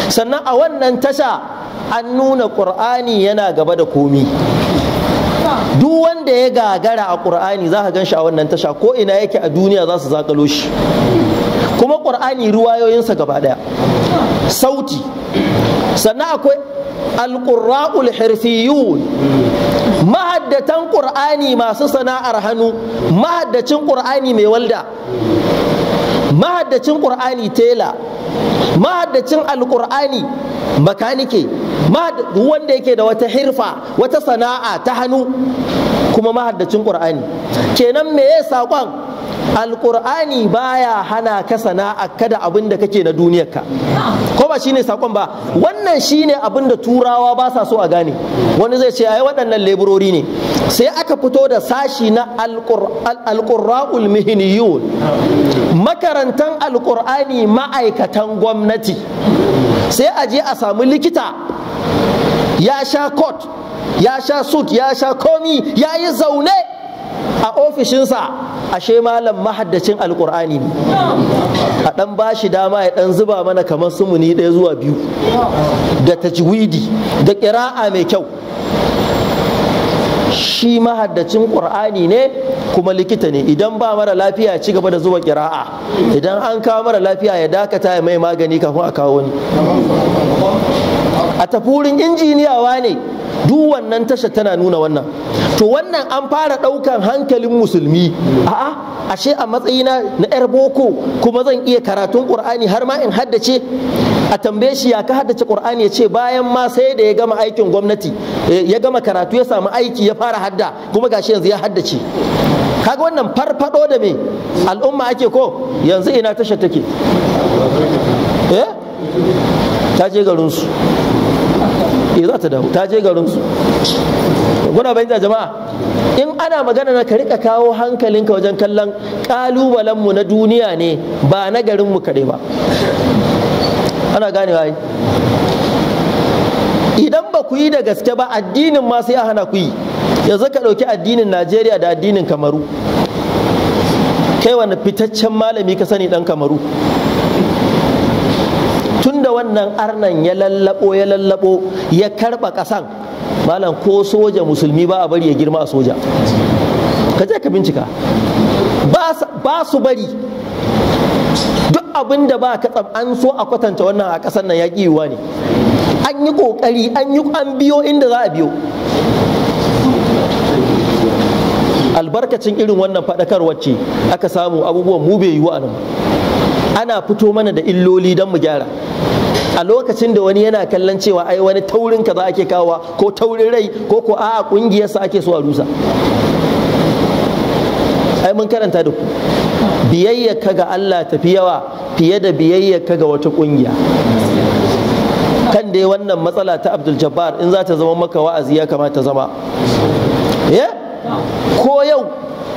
A: sannan a wannan tasha an nuna ƙur'ani yana gaba da komi duk wanda ya gagara a ƙur'ani za ka gan shi a wannan tasha ko ina yake a duniya za su zakalo shi kuma ƙur'ani ruwayoyinsa gaba ɗaya sauti sannan akwai alƙura'ul hirfiyun mahaddatan ƙur'ani masu sana'ar hannu mahaddacin ƙur'ani mai walda mahaddacin ƙur'ani tela mahaddacin alƙur'ani makanike wanda yake da wata hirfa wata sana'a ta hannu kuma mahaddacin ƙur'ani kenan me ya saƙon alkur'ani baya hana ka sana'a kada abin da kake na duniyarka ko ba shine sakon ba wannan shine abin da turawa ba sa so a gane wani zai ce ai waɗannan leburori ne sai aka fito da sashi na alqur'ul mihniyun makarantan alkur'ani ma'aikatan gwamnati sai a je a samu likita ya sha kot ya sha sut ya sha komi ya yi zaune a ofishinsa ashe malam mahaddacin alkur'ani ne a ɗan ba shi dama ya ɗan zuba mana kamar sumuni ɗaya zuwa biyu da tajwidi da ƙira'a mai kyau shi mahaddacin ƙur'ani ne kuma likita ne idan ba mara lafiya ya ci gaba da zuba ƙira'a idan an kawo mara lafiya ya dakata ya mai magani kafin a kawo wani a tafi wurin injiniyawa ne duk wannan tasha tana nuna wannan to wannan an fara ɗaukan hankalin musulmi a'a ashe a matsayina na yar boko kuma zan iya karatun qur'ani har ma in haddace a tambaye shi ya ka haddace qur'ani ya ce bayan ma sai da ya gama aikin gwamnati ya gama karatu ya samu aiki ya fara hadda kuma gashi yanzu ya haddace kaga wannan farfado da me al'umma ake ko yanzu ina tasha take eh ta je garinsu ke za ta dawo ta je garinsu kuna da jama'a in ana magana na ka rika kawo hankalinka wajen kallon kalubalenmu na duniya ne ba na garinmu kare ba ana ganewa yi idan ba ku yi da gaske ba addinin ma sai a hana ku yi yanzu ka ɗauki addinin najeriya da addinin kamaru kai wani fitaccen malami ka sani ɗan kamaru wannan arnan ya lallabo ya lallabo ya karba kasan malam ko soja musulmi ba a bari ya girma a soja ka je ka bincika ba su bari duk abin da ba ka an so a kwatanta wannan a kasan nan ya yiwuwa ne an yi ƙoƙari an yi an biyo inda za a biyo albarkacin irin wannan faɗakarwar ce aka samu abubuwan mu bai yiwu a nan ana fito mana da illoli don mu gyara a lokacin da wani yana kallon cewa ai wani taurin kaza ake kawowa ko taurin rai ko ko a'a sa ake so a rusa ai mun karanta da ku ka ga Allah tafi yawa fiye da biyayyarka ga wata kungiya kan dai wannan matsala ta Abdul Jabbar in za ta zama maka wa'azi ya kamata zama eh? ko yau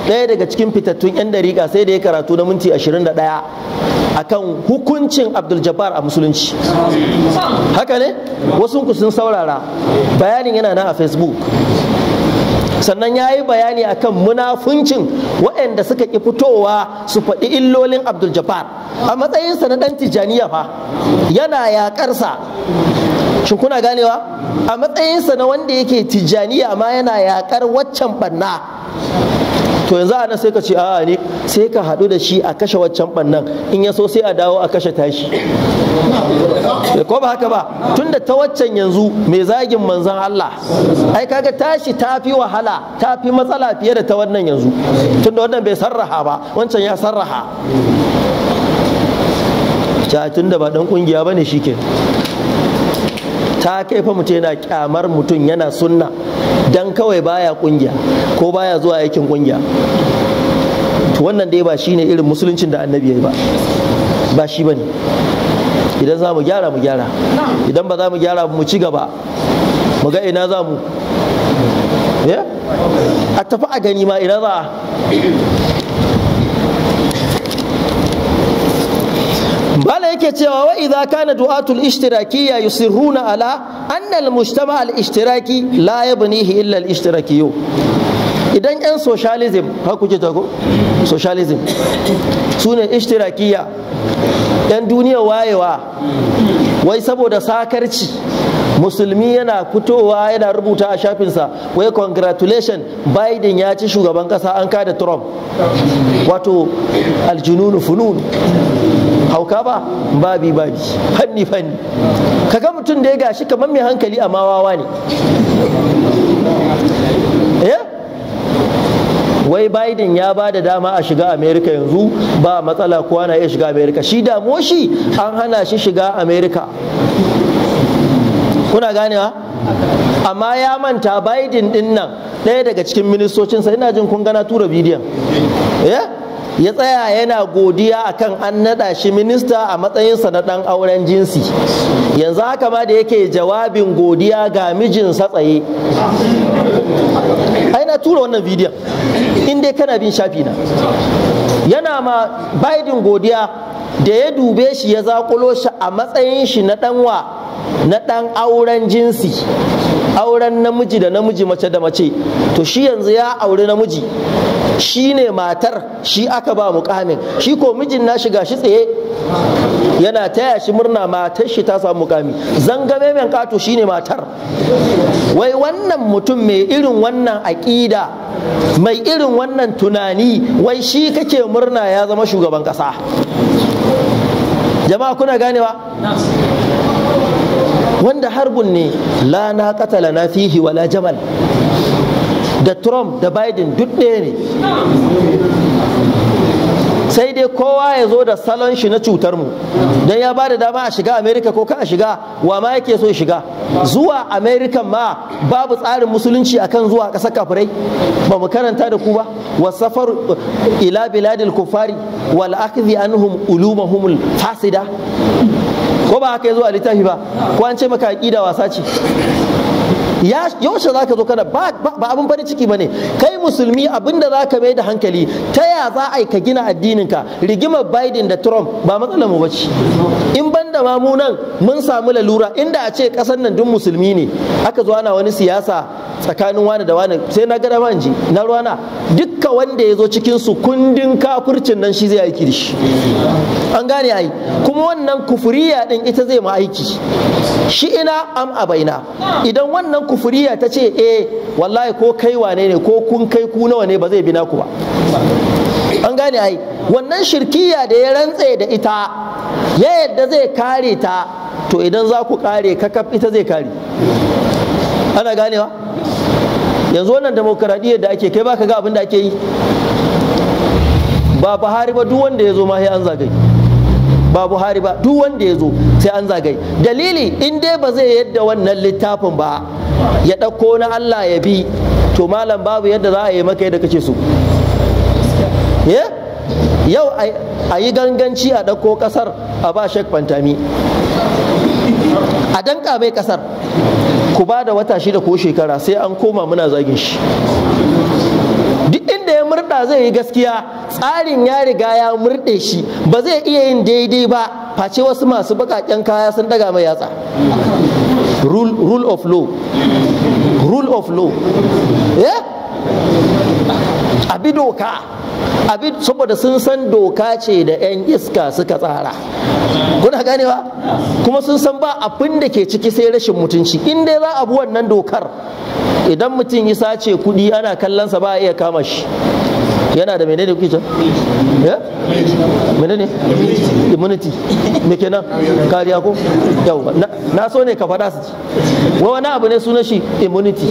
A: ɗaya daga cikin fitattun 'yan dariƙa sai da ya karatu na minti 21 kan hukuncin abdul jabbar a musulunci haka ne wasu sun saurara bayanin yana nan a facebook sannan ya yi bayani a kan munafuncin waɗanda suka ƙi fitowa su faɗi illolin abdul jabbar a matsayinsa na ɗan tijjaniya fa yana yaƙarsa shin kuna ganewa a matsayinsa na wanda yake tijjaniya ma yana yaƙar waccan ɓanna to yanzu a sai ka ce a'a ne sai ka haɗu da shi a kashe waccan bannan in ya so sai a dawo a kashe tashi ko ba haka ba tunda ta waccan yanzu mai zagin manzan Allah ai kaga tashi ta fi wahala ta fi matsala fiye da ta wannan yanzu tunda wannan bai sarraha ba wancan ya sarraha tun da ba dan kungiya bane ke. ta kaifa mutu mutum yana kyamar mutum yana sunna dan kawai baya kungiya ko baya zuwa aikin kungiya to wannan dai ba shine irin musuluncin da annabi ya yi ba ba shi bane idan za mu gyara mu gyara idan ba za mu gyara mu ci gaba mu ga ina za mu eh? a tafi a gani ma ina za a bala yake cewa wa idza kana du'atul ishtirakiyya yusirruna ala anna al mujtama al ishtiraki la yabnihi illa al ishtirakiyyu idan yan socialism ha kuke ta socialism sune ishtirakiyya yan duniya wayewa wai saboda sakarci musulmi yana fitowa yana rubuta a shafinsa wai congratulation biden ya ci shugaban kasa an kada trump wato aljununu funun hauka ba babi babi fanni fanni kaga mutum da ya gashi kamar mai hankali a mawawa ne eh? wai biden ya ba da dama a shiga Amerika yanzu ba matsala kowa na iya shiga america shi damuwa shi an hana shi shiga Amerika. kuna ganewa amma ya manta Biden din nan ɗaya daga cikin ministocinsa ina jin kun gana tura bidiyon eh? ya tsaya yana godiya akan an naɗa shi minista a matsayinsa na ɗan auren jinsi yanzu haka ma da yake jawabin godiya ga mijinsa tsaye ai na tura wannan bidiyon in kana bin shafi na yana ma Biden godiya da ya dube shi ya zakulo shi a matsayin shi na ɗanwa na ɗan auren jinsi auren namiji da namiji mace da mace to shi yanzu ya auri namiji shi ne matar shi aka ba mukamin shi ko mijin na shiga shi tsaye yana taya shi murna matar shi ta samu mukami zangame mai kato shi ne matar wai wannan mutum mai irin wannan aƙida mai irin wannan tunani wai shi kake murna ya zama shugaban ƙasa jama'a kuna ganewa wanda harbun ne la na katala na fihi wala jamal da trump da biden duk ɗaya ne sai dai kowa ya zo da salon shi na cutar mu don ya ba da dama a shiga america ko ka a shiga wa ma yake so shiga zuwa amerika ma babu tsarin musulunci akan zuwa ƙasar kafirai ba mu karanta da ku ba wa safar ila biladil kufari wal akhdhi anhum ulumahumul fasida ko ba haka ya zo a littafi ba ko an ce maka da wasa ce yaushe zaka zo kana ba abin farin ciki bane kai musulmi abinda da za ka mai da hankali ta ya za a ka gina addinin ka rigimar biden da trump ba matsalar mu bace in ban mu nan mun samu lalura inda a ce kasar nan duk musulmi ne aka zo ana wani siyasa tsakanin wani da wani sai na gada man ji na ruwana dukka wanda ya zo cikin su kundin kafircin nan shi zai aiki da shi an gane ai kuma wannan kufuriya din ita zai ma aiki shi ina am abaina idan wannan kufuriya ta ce eh wallahi ko kai wane ne ko kun kai ku nawa ne ba zai bi naku ba an gane ai wannan shirkiya da ya rantse da ita ya yadda zai kare ta to idan za ku kare kakaf ita zai kare ana ganewa yanzu wannan demokaradiyyar da ake kai baka ga abin da ake yi ba buhari ba duk wanda ya zo ma sai an zagaye ba buhari ba duk wanda ya zo sai an zagaye dalili in dai ba zai yadda wannan littafin ba ya ɗauko na allah ya bi to malam babu yadda za a yi maka yadda kace so yeah? yau a yi ganganci a ɗauko ƙasar a ba shek fantami a danka mai ƙasar ku ba da wata shida ko shekara sai an koma muna zagin shi duk inda ya murda zai yi gaskiya tsarin ya riga ya murɗe shi ba zai iya yin daidai ba face wasu masu baƙaƙen kaya sun ɗaga mai yatsa rule of law rule of law yeah? abi doka abin saboda sun san doka ce da 'yan iska suka tsara kuna ganewa kuma sun san ba abin da ke ciki sai rashin mutunci in dai za a bi wannan dokar idan mutum ya sace kudi ana kallonsa ba a iya kama shi yana da menene kuke can ya eh? menene immunity me kenan kariya ko yau na so ne ka faɗa su ci wani abu ne sunan shi immunity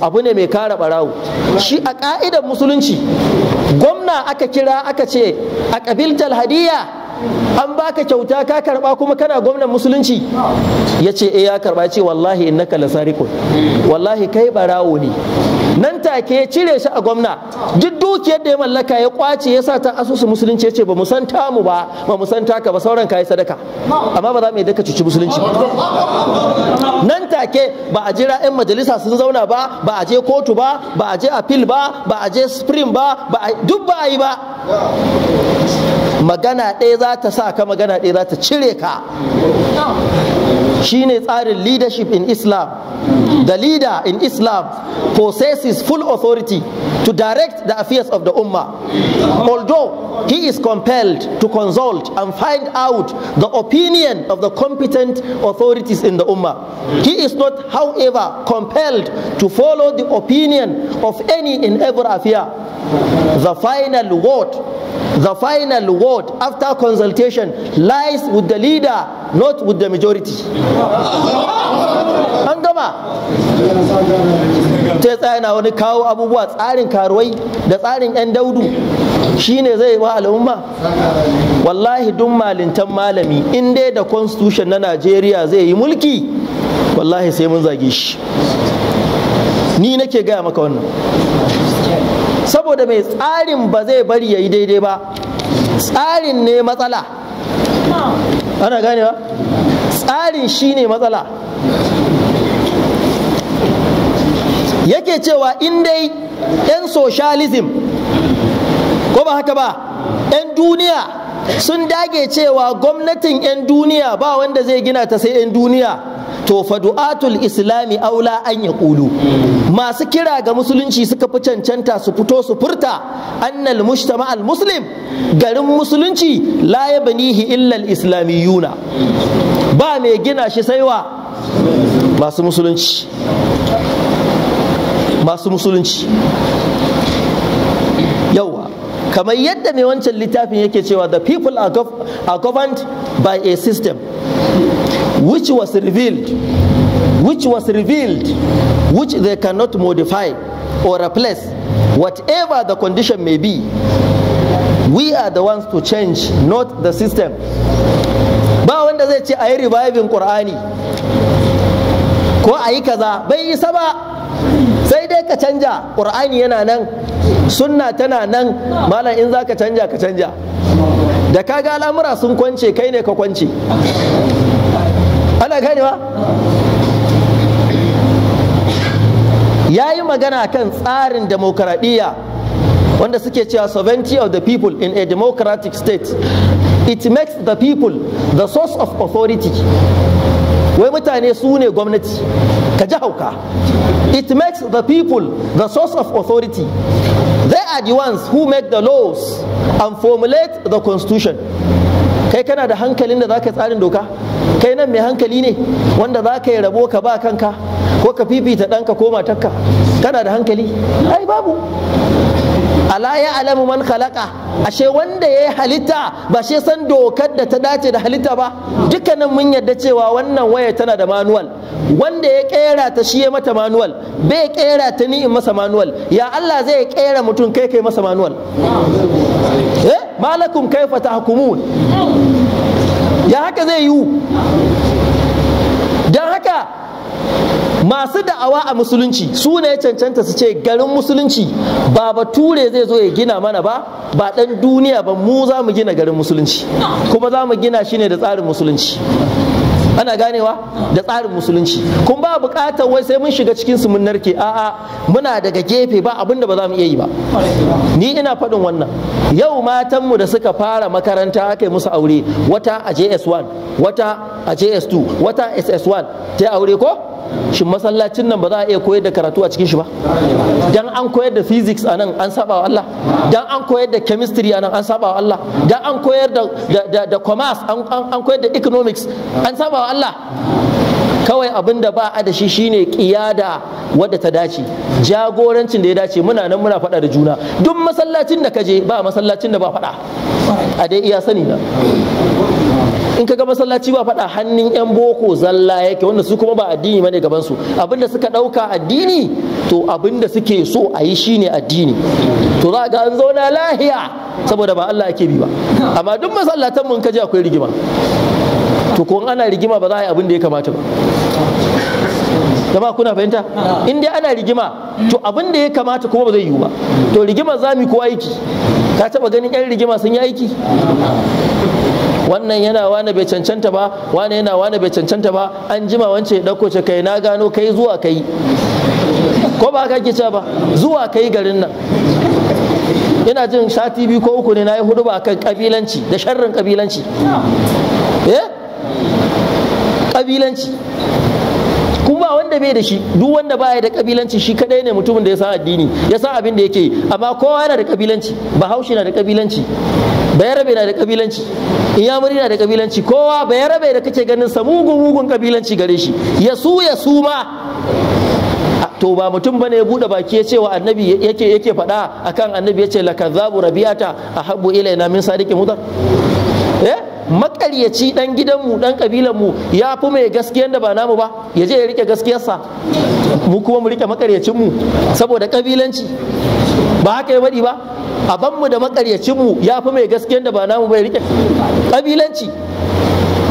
A: abu ne mai kare barawo shi a ka'idar musulunci gwamna aka kira aka ce a kabiltal hadiya an baka kyauta ka karba kuma kana gwamnan musulunci ya ce eh ya karba ce wallahi innaka lasariqun wallahi kai barawo ne nan take ya cire shi a gwamna duk dukiyar da ya mallaka ya kwace ya sa ta asusu musulunci ya ce ba mu san tamu ba ba mu san ka ba sauran kayi sadaka amma ba za mu yi daka cuci musulunci nan take ba a jira 'yan majalisa sun zauna ba ba a je kotu ba ba a je appeal ba ba a je spring ba ba duk ba yi ba magana ɗaya za ta sa ka magana ɗaya za ta cire ka shine tsarin leadership in Islam. The leader in Islam possesses full authority to direct the affairs of the Ummah. Although he is compelled to consult and find out the opinion of the competent authorities in the Ummah. He is not, however, compelled to follow the opinion of any in every affair. The final word, the final word after consultation lies with the leader, not with the majority. an gama ce tsaya na wani kawo abubuwa tsarin karuwai da tsarin 'yan daudu shine zai wa al'umma wallahi duk malintan malami in dai da constitution na najeriya zai yi mulki wallahi sai mun zage shi ni nake gaya maka wannan saboda mai tsarin ba zai bari ya yi daidai ba tsarin ne matsala ana ganewa tsarin ne matsala yake cewa in dai 'yan socialism ko ba haka ba 'yan duniya sun dage cewa gwamnatin 'yan duniya ba wanda zai gina ta sai 'yan duniya to fa du'atul islami aula an ya ƙulu masu kira ga musulunci suka fi cancanta su fito su furta annal mujtama al muslim garin musulunci la ya banihi illal islamiyuna ba mai gina shi sai masu musulunci masu musulunci yawa kamar yadda mai wancan littafin yake cewa the people are, are governed by a system which was revealed, which was revealed, which they cannot modify or replace, whatever the condition may be. We are the ones to change, not the system. Ba wanda zai ce a yi reviving Qur'ani ko a yi kaza bai isa ba sai dai ka canja Qur'ani yana nan sunna tana nan malam in za ka canja ka canja da kaga al'amura sun kwance kai ne ka kwance ana ba ya yi magana kan tsarin demokradiyya wanda suke cewa sovereignty of the people in a democratic state it makes the people the source of authority wai mutane su ne gwamnati ka ji hauka it makes the people the source of authority they are the ones who make the laws and formulate the constitution kai kana da hankalin da zaka tsarin doka kai nan mai hankali ne wanda za ka yi rabo ka ba kanka ko ka fifita ɗanka ko matarka kana da hankali ai babu ala ya alamu man khalaqa ashe wanda ya halitta ba shi san dokar da ta dace da halitta ba dukkanin mun yarda cewa wannan waya tana da manual wanda ya kera ta shi ya mata manual bai kera ta ni in masa manual ya Allah zai kera mutum kai kai masa manual eh malakum kaifa tahkumun ya haka zai yiwu dan haka masu da'awa a musulunci su ne cancanta su ce garin musulunci ba bature zai zo ya gina mana ba ba dan duniya ba mu za mu gina garin musulunci kuma za mu gina shi ne da tsarin musulunci ana ganewa da tsarin musulunci kun ba bukatar wai sai mun shiga cikin su mun narke a'a muna daga gefe ba abin da ba za mu iya yi ba ni ina faɗin wannan yau matan mu da suka fara makaranta aka yi musu aure wata a JS1 wata a JS2 wata SS1 ta aure ko shin masallacin nan ba za a iya koyar da karatu a cikin shi ba dan an koyar da physics a nan an saba wa Allah dan an koyar da chemistry a nan an saba wa Allah dan an koyar da da, commerce an koyar da economics an saba wa Allah kawai abin da ba a da shi shine kiyada wadda ta dace jagorancin da ya dace muna nan muna faɗa da juna duk masallacin da ka je ba masallacin da ba faɗa a dai iya sani na in ka ga masallaci ba faɗa hannun 'yan boko zalla yake wanda su kuma ba addini bane gaban su abinda suka ɗauka addini to abinda suke so a yi shine addini to za ga an zauna lahiya saboda ba Allah ake bi ba amma duk masallatan mun kaje akwai rigima to ko ana rigima ba za a yi abin da ya kamata ba jama kuna fahimta in dai ana rigima to abin da ya kamata kuma ba zai yiwu ba to rigima za mu ko aiki ka taba ganin yan rigima sun yi aiki wannan yana wani bai cancanta ba wani yana wani bai cancanta ba an jima wance ya dauko ce kai na gano kai zuwa kai ko ba ka ke ba zuwa kai garin nan ina jin sati biyu ko uku ne na yi hudu ba kan kabilanci da sharrin kabilanci eh kabilanci kuma ba wanda bai da shi duk wanda baya da kabilanci shi kadai ne mutumin da ya san addini ya san abin da yake amma kowa yana da kabilanci bahaushe na da kabilanci bayarabe na da kabilanci Iyamuri na da kabilanci kowa bayarabe da kake ganin sa mugun mugun kabilanci gare shi ya su ya su ma to ba mutum bane ya bude baki ya ce wa annabi yake yake faɗa akan annabi ya ce rabi'ata ahabbu ilaina min sadiqi mudar eh makaryaci dan gidanmu dan kabilanmu ya fi mai gaskiyar da ba namu ba ya je ya rike gaskiyarsa mu kuma mu rike makaryacinmu saboda kabilanci ba haka ya bari ba a banmu da makaryacinmu ya fi mai gaskiyar da ba namu ba ya rike kabilanci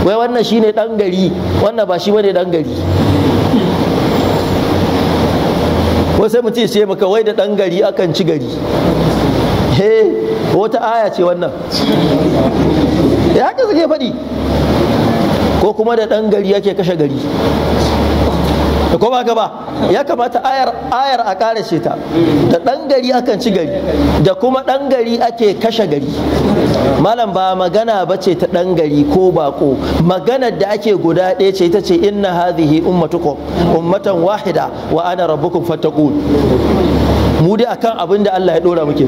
A: wai wannan shine dan gari wannan ba shi bane dan gari ko sai mu ce maka wai da ɗan gari akan ci gari he wata aya ce wannan ya ka suke faɗi ko kuma da ɗan gari yake kashe gari da ko ba gaba? ya kamata ayar ayar a ƙara ce ta da ɗan gari akan ci gari da kuma ɗan gari ake kashe gari malam ba magana ba ce ta ɗan gari ko bako maganar da ake guda ɗaya ce ita ce inna hadhihi ummatukum ummatan wahida wa ana rabbukum fattaqun mu dai akan abin da Allah ya dora muke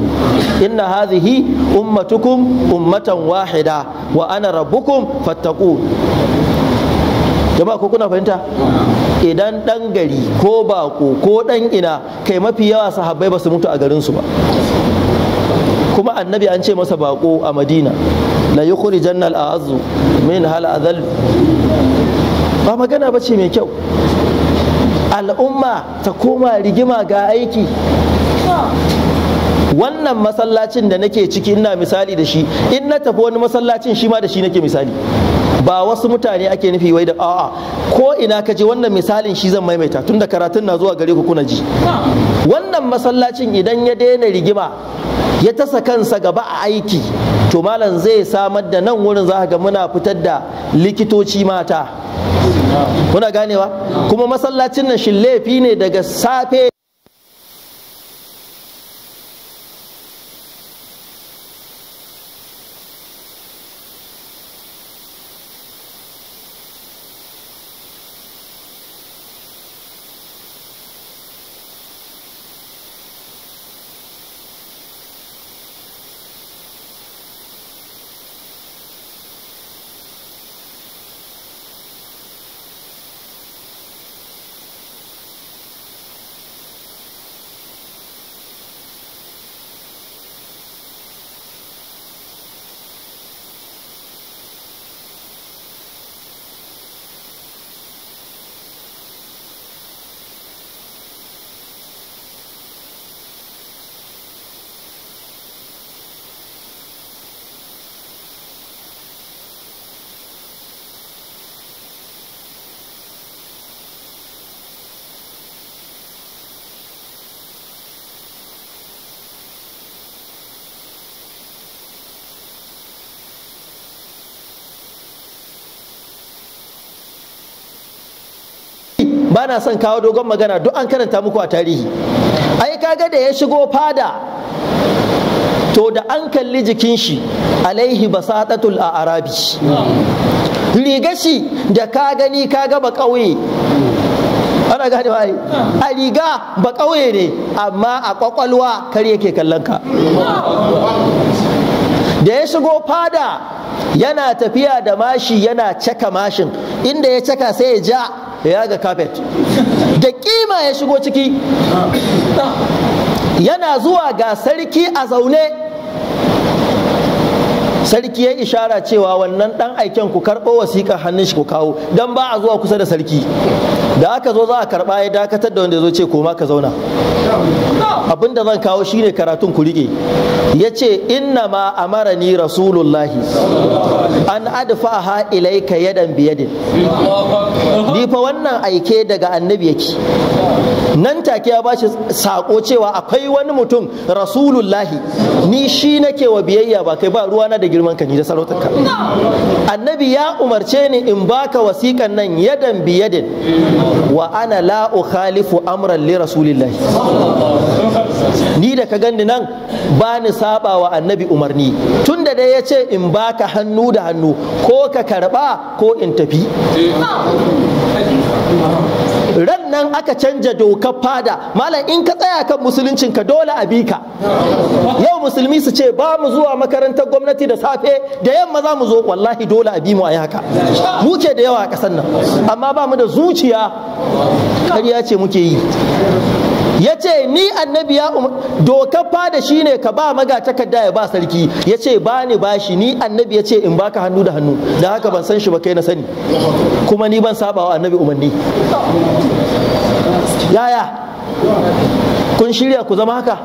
A: inna hadhihi ummatukum ummatan wahida wa ana rabbukum fattaqu jama'a ko kuna fahimta idan dan gari ko bako ko dan ina kai mafi yawa sahabbai ba su mutu a garin su ba kuma annabi an ce masa bako a madina la yukhrijanna al-a'azzu min hal azal ba magana ba ce mai kyau al'umma ta koma rigima ga aiki wannan masallacin da nake ciki ina misali da shi in na tafi wani masallacin shi ma da shi nake misali ba wasu mutane ake nufi wai da a'a ko ina ka je wannan misalin shi zan maimaita tun da karatun na zuwa gare ku kuna ji wannan masallacin idan ya daina rigima ya tasa kansa gaba a aiki to malam zai samar da nan wurin za ga muna fitar da likitoci mata kuna ganewa kuma masallacin nan shin laifi ne daga safe ba na son kawo dogon magana duk an karanta muku a tarihi ai kaga da ya shigo fada to da an kalli jikin shi alaihi basatatul arabi riga shi da ka gani ka ga ba ƙauye ana gane ba a riga ba ƙauye ne amma a ƙwaƙwalwa kar yake kallon ka da ya shigo fada yana tafiya da mashi yana caka mashin inda ya caka sai ya ja ya ga kafet da kima ya shigo ciki yana zuwa ga sarki a zaune sarki ya ishara cewa wannan dan aiken ku karɓo wasiƙar hannun shi ku kawo don ba a zuwa kusa da sarki da aka zo za a karba ya dakatar da wanda ya zo ce koma ka zauna abin da zan kawo shine karatun ku rike ya ce inna ma amara ni rasulullahi an adfa ha ilaika yadan biyadin ni wannan aike daga annabi yake nan take ya bashi sako cewa akwai wani mutum rasulullahi ni shi nake wa biyayya ba kai ba ruwana da girman ka ni da sarautarka annabi ya umarce ni in baka wasiƙan nan yadan biyadin wa ana la ukhalifu amran li rasulillahi ni da ka gani nan ba ni saba wa annabi umarni tunda dai ya ce in baka hannu da hannu ko ka karba ko in tafi ran nan aka canja dokar fada malam in ka tsaya kan musuluncin ka dole a bi ka yau musulmi su ce ba mu zuwa makarantar gwamnati da safe da yamma za mu zo wallahi dole a bi mu a yi haka mu ce da yawa a ƙasar nan amma ba mu da zuciya ƙarya ce muke yi ya ce ni annabi ya umar? dokar fada shi ne ka ba maga takarda ya ba sarki ya ce ba ni bashi ni annabi ya ce in baka hannu da hannu da haka ban san shi ba kai na sani kuma ni ban saba wa annabi umarni yaya kun shirya ku zama haka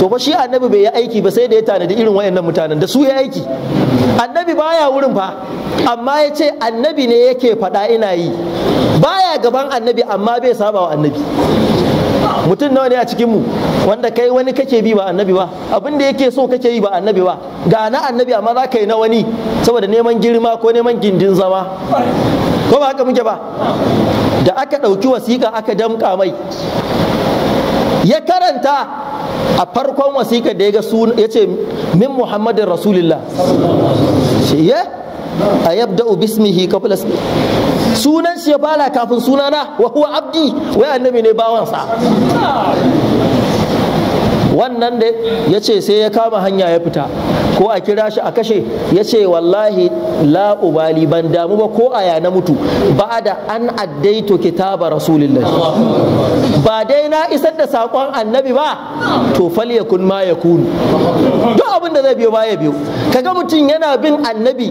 A: to ba shi annabi bai yi aiki ba sai da ya tanadi irin wayannan mutanen da su ya aiki annabi baya wurin fa amma ya ce annabi ne yake fada ina yi baya gaban annabi amma bai saba wa annabi mutum nawa ne a cikin mu wanda kai wani kake bi ba annabi ba abin da yake so kake yi ba annabi ba ga na annabi amma za ka yi na wani saboda neman girma ko neman gindin zama ko ba haka muke ba da aka ɗauki wasiƙa aka damƙa mai ya karanta a farkon wasiƙar da ya ga ya ce min muhammadin rasulillah shi ya a yabda bismihi sunan shi ya fara kafin sunana wa huwa abdi wai annabi ne bawansa wannan da ya ce sai ya kama hanya ya fita ko a kira shi a kashe ya ce wallahi la ubali ban damu ba ko aya na mutu ba da an addaito kitaba rasulillah ba dai na isar da sakon annabi ba to fal yakun ma yakun duk abin da zai biyo ba ya biyo kaga mutum yana bin annabi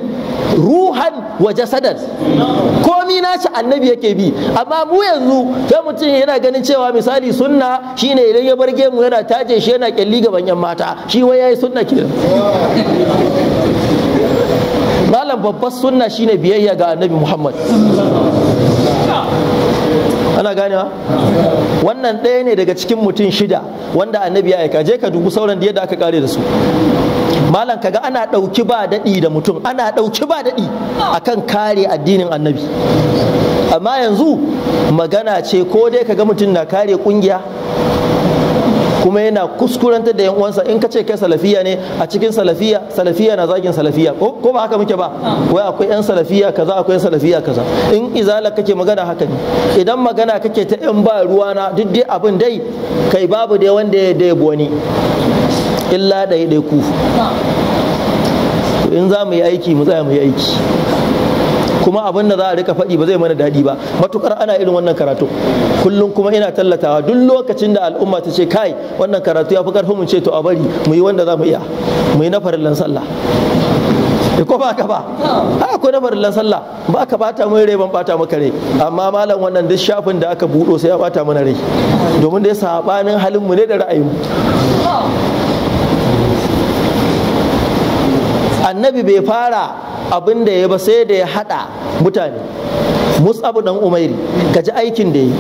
A: ruhan wa jasadar komi nashi annabi yake bi amma mu yanzu ta mutum yana ganin cewa misali sunna shine idan ya barge mu yana taje shi yana kyalli gaban yan mata shi wai yayi sunna ke. malam babbar sunna shine biyayya ga annabi Muhammad ana ganewa wannan ɗaya ne daga cikin mutum shida wanda annabi ya aika je ka dubu sauran da yadda aka kare da su malam kaga ana ɗauki ba daɗi da mutum ana ɗauki ba daɗi akan kare addinin annabi amma yanzu magana ce ko dai kaga mutum na kare ƙungiya kuma yana kuskurantar da yan uwansa in ka ce kai salafiya ne a cikin salafiya salafiya na zagin salafiya ko ba haka muke ba wai akwai yan salafiya kaza akwai yan salafiya kaza in izala kake magana haka ne idan magana kake ta yan ba ruwa na duk dai abin dai kai babu dai wanda ya dai wani illa ɗaya dai ku in za mu yi aiki mu tsaya mu yi aiki kuma abin da za a rika faɗi ba zai mana daɗi ba matukar ana irin wannan karatu kullum kuma ina tallatawa duk lokacin da al'umma ta ce kai wannan karatu ya fi karfin mu ce to a bari mu yi wanda za mu iya mu yi na farillan sallah eh, ko ba ka ba a akwai na farillan sallah ba ka bata mun rai ban bata maka rai amma malam wannan duk shafin da aka buɗo sai ya bata mana rai domin dai sabanin halin mu ne da ra'ayin mu annabi bai fara abin da ya ba sai da ya haɗa mutane mus'abu dan umairi kaji aikin da ya yi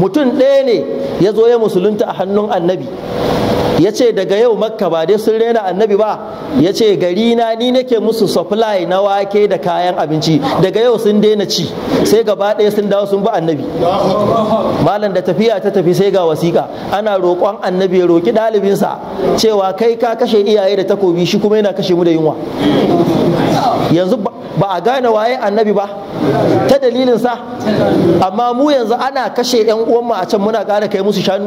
A: mutum ɗaya ne ya zo ya musulunta a hannun annabi ya ce daga yau makka ba dai sun rena annabi ba ya ce gari na ni nake musu supply na wake da kayan abinci daga yau sun daina ci sai gaba ɗaya sun dawo sun bi annabi malam da tafiya ta tafi sai ga wasiƙa ana roƙon annabi ya roƙi ɗalibinsa cewa kai ka kashe iyaye da takobi shi kuma yana kashe mu da yunwa yanzu ba a gane waye annabi ba ta dalilin sa amma mu yanzu ana kashe 'yan uwanmu a can muna ƙara kai musu shanu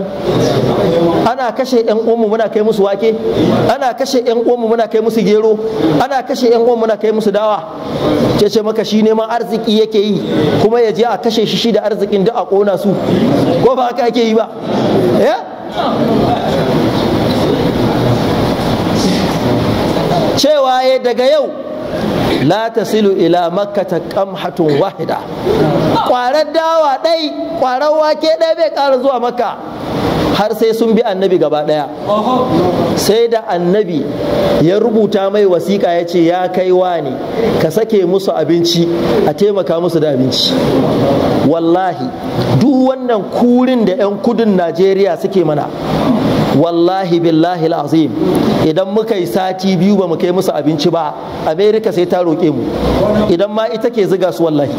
A: ana kashe 'yan uwanmu muna kai musu wake ana kashe yan uwanmu muna kai musu gero ana kashe yan uwanmu muna kai musu dawa ce ce maka shi neman arziki yake yi kuma ya je a kashe shi shi da arzikin duk a kona su ko ba haka yake yi ba eh? cewa ya eh, daga yau la tasilu ila makkata hatun wahida kwarar dawa ɗai kwarar wake ɗai bai ƙara zuwa makka har sai sun bi annabi gaba ɗaya sai da annabi ya rubuta mai wasiƙa ya ce ya kai wa ne ka sake musu abinci a taimaka musu da abinci wallahi duk wannan kurin da 'yan kudin najeriya suke mana wallahi billahi azim idan muka yi sati biyu ba mu kai musu abinci ba Amerika sai ta roƙe mu idan ma ita ke ziga su wallahi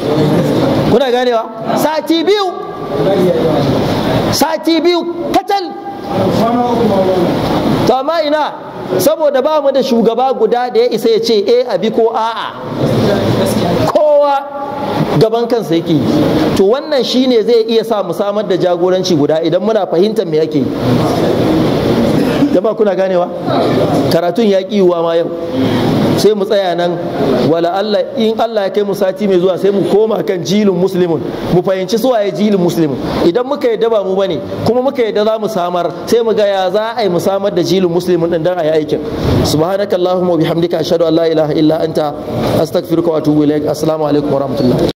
A: kuna ganewa sati biyu sati biyu kacal to amma ina saboda ba mu da shugaba guda da ya isa ya ce e abi ko a'a kowa gaban kansa yake to wannan shi ne zai iya sa mu samar da jagoranci guda idan muna fahimtar me yake jama'a kuna ganewa karatun ya ƙi ma yau sai mu tsaya nan wala Allah in Allah ya kai mu sati mai zuwa sai mu koma kan jilin muslimin mu fahimci su waye jilin muslimin idan muka yadda ba mu bane kuma muka yadda za mu samar sai mu ga ya za a yi mu samar da jilin muslimin din dan a yi aikin subhanakallahumma wa bihamdika ashhadu an la ilaha illa anta astaghfiruka wa atubu ilaik assalamu alaikum
B: wa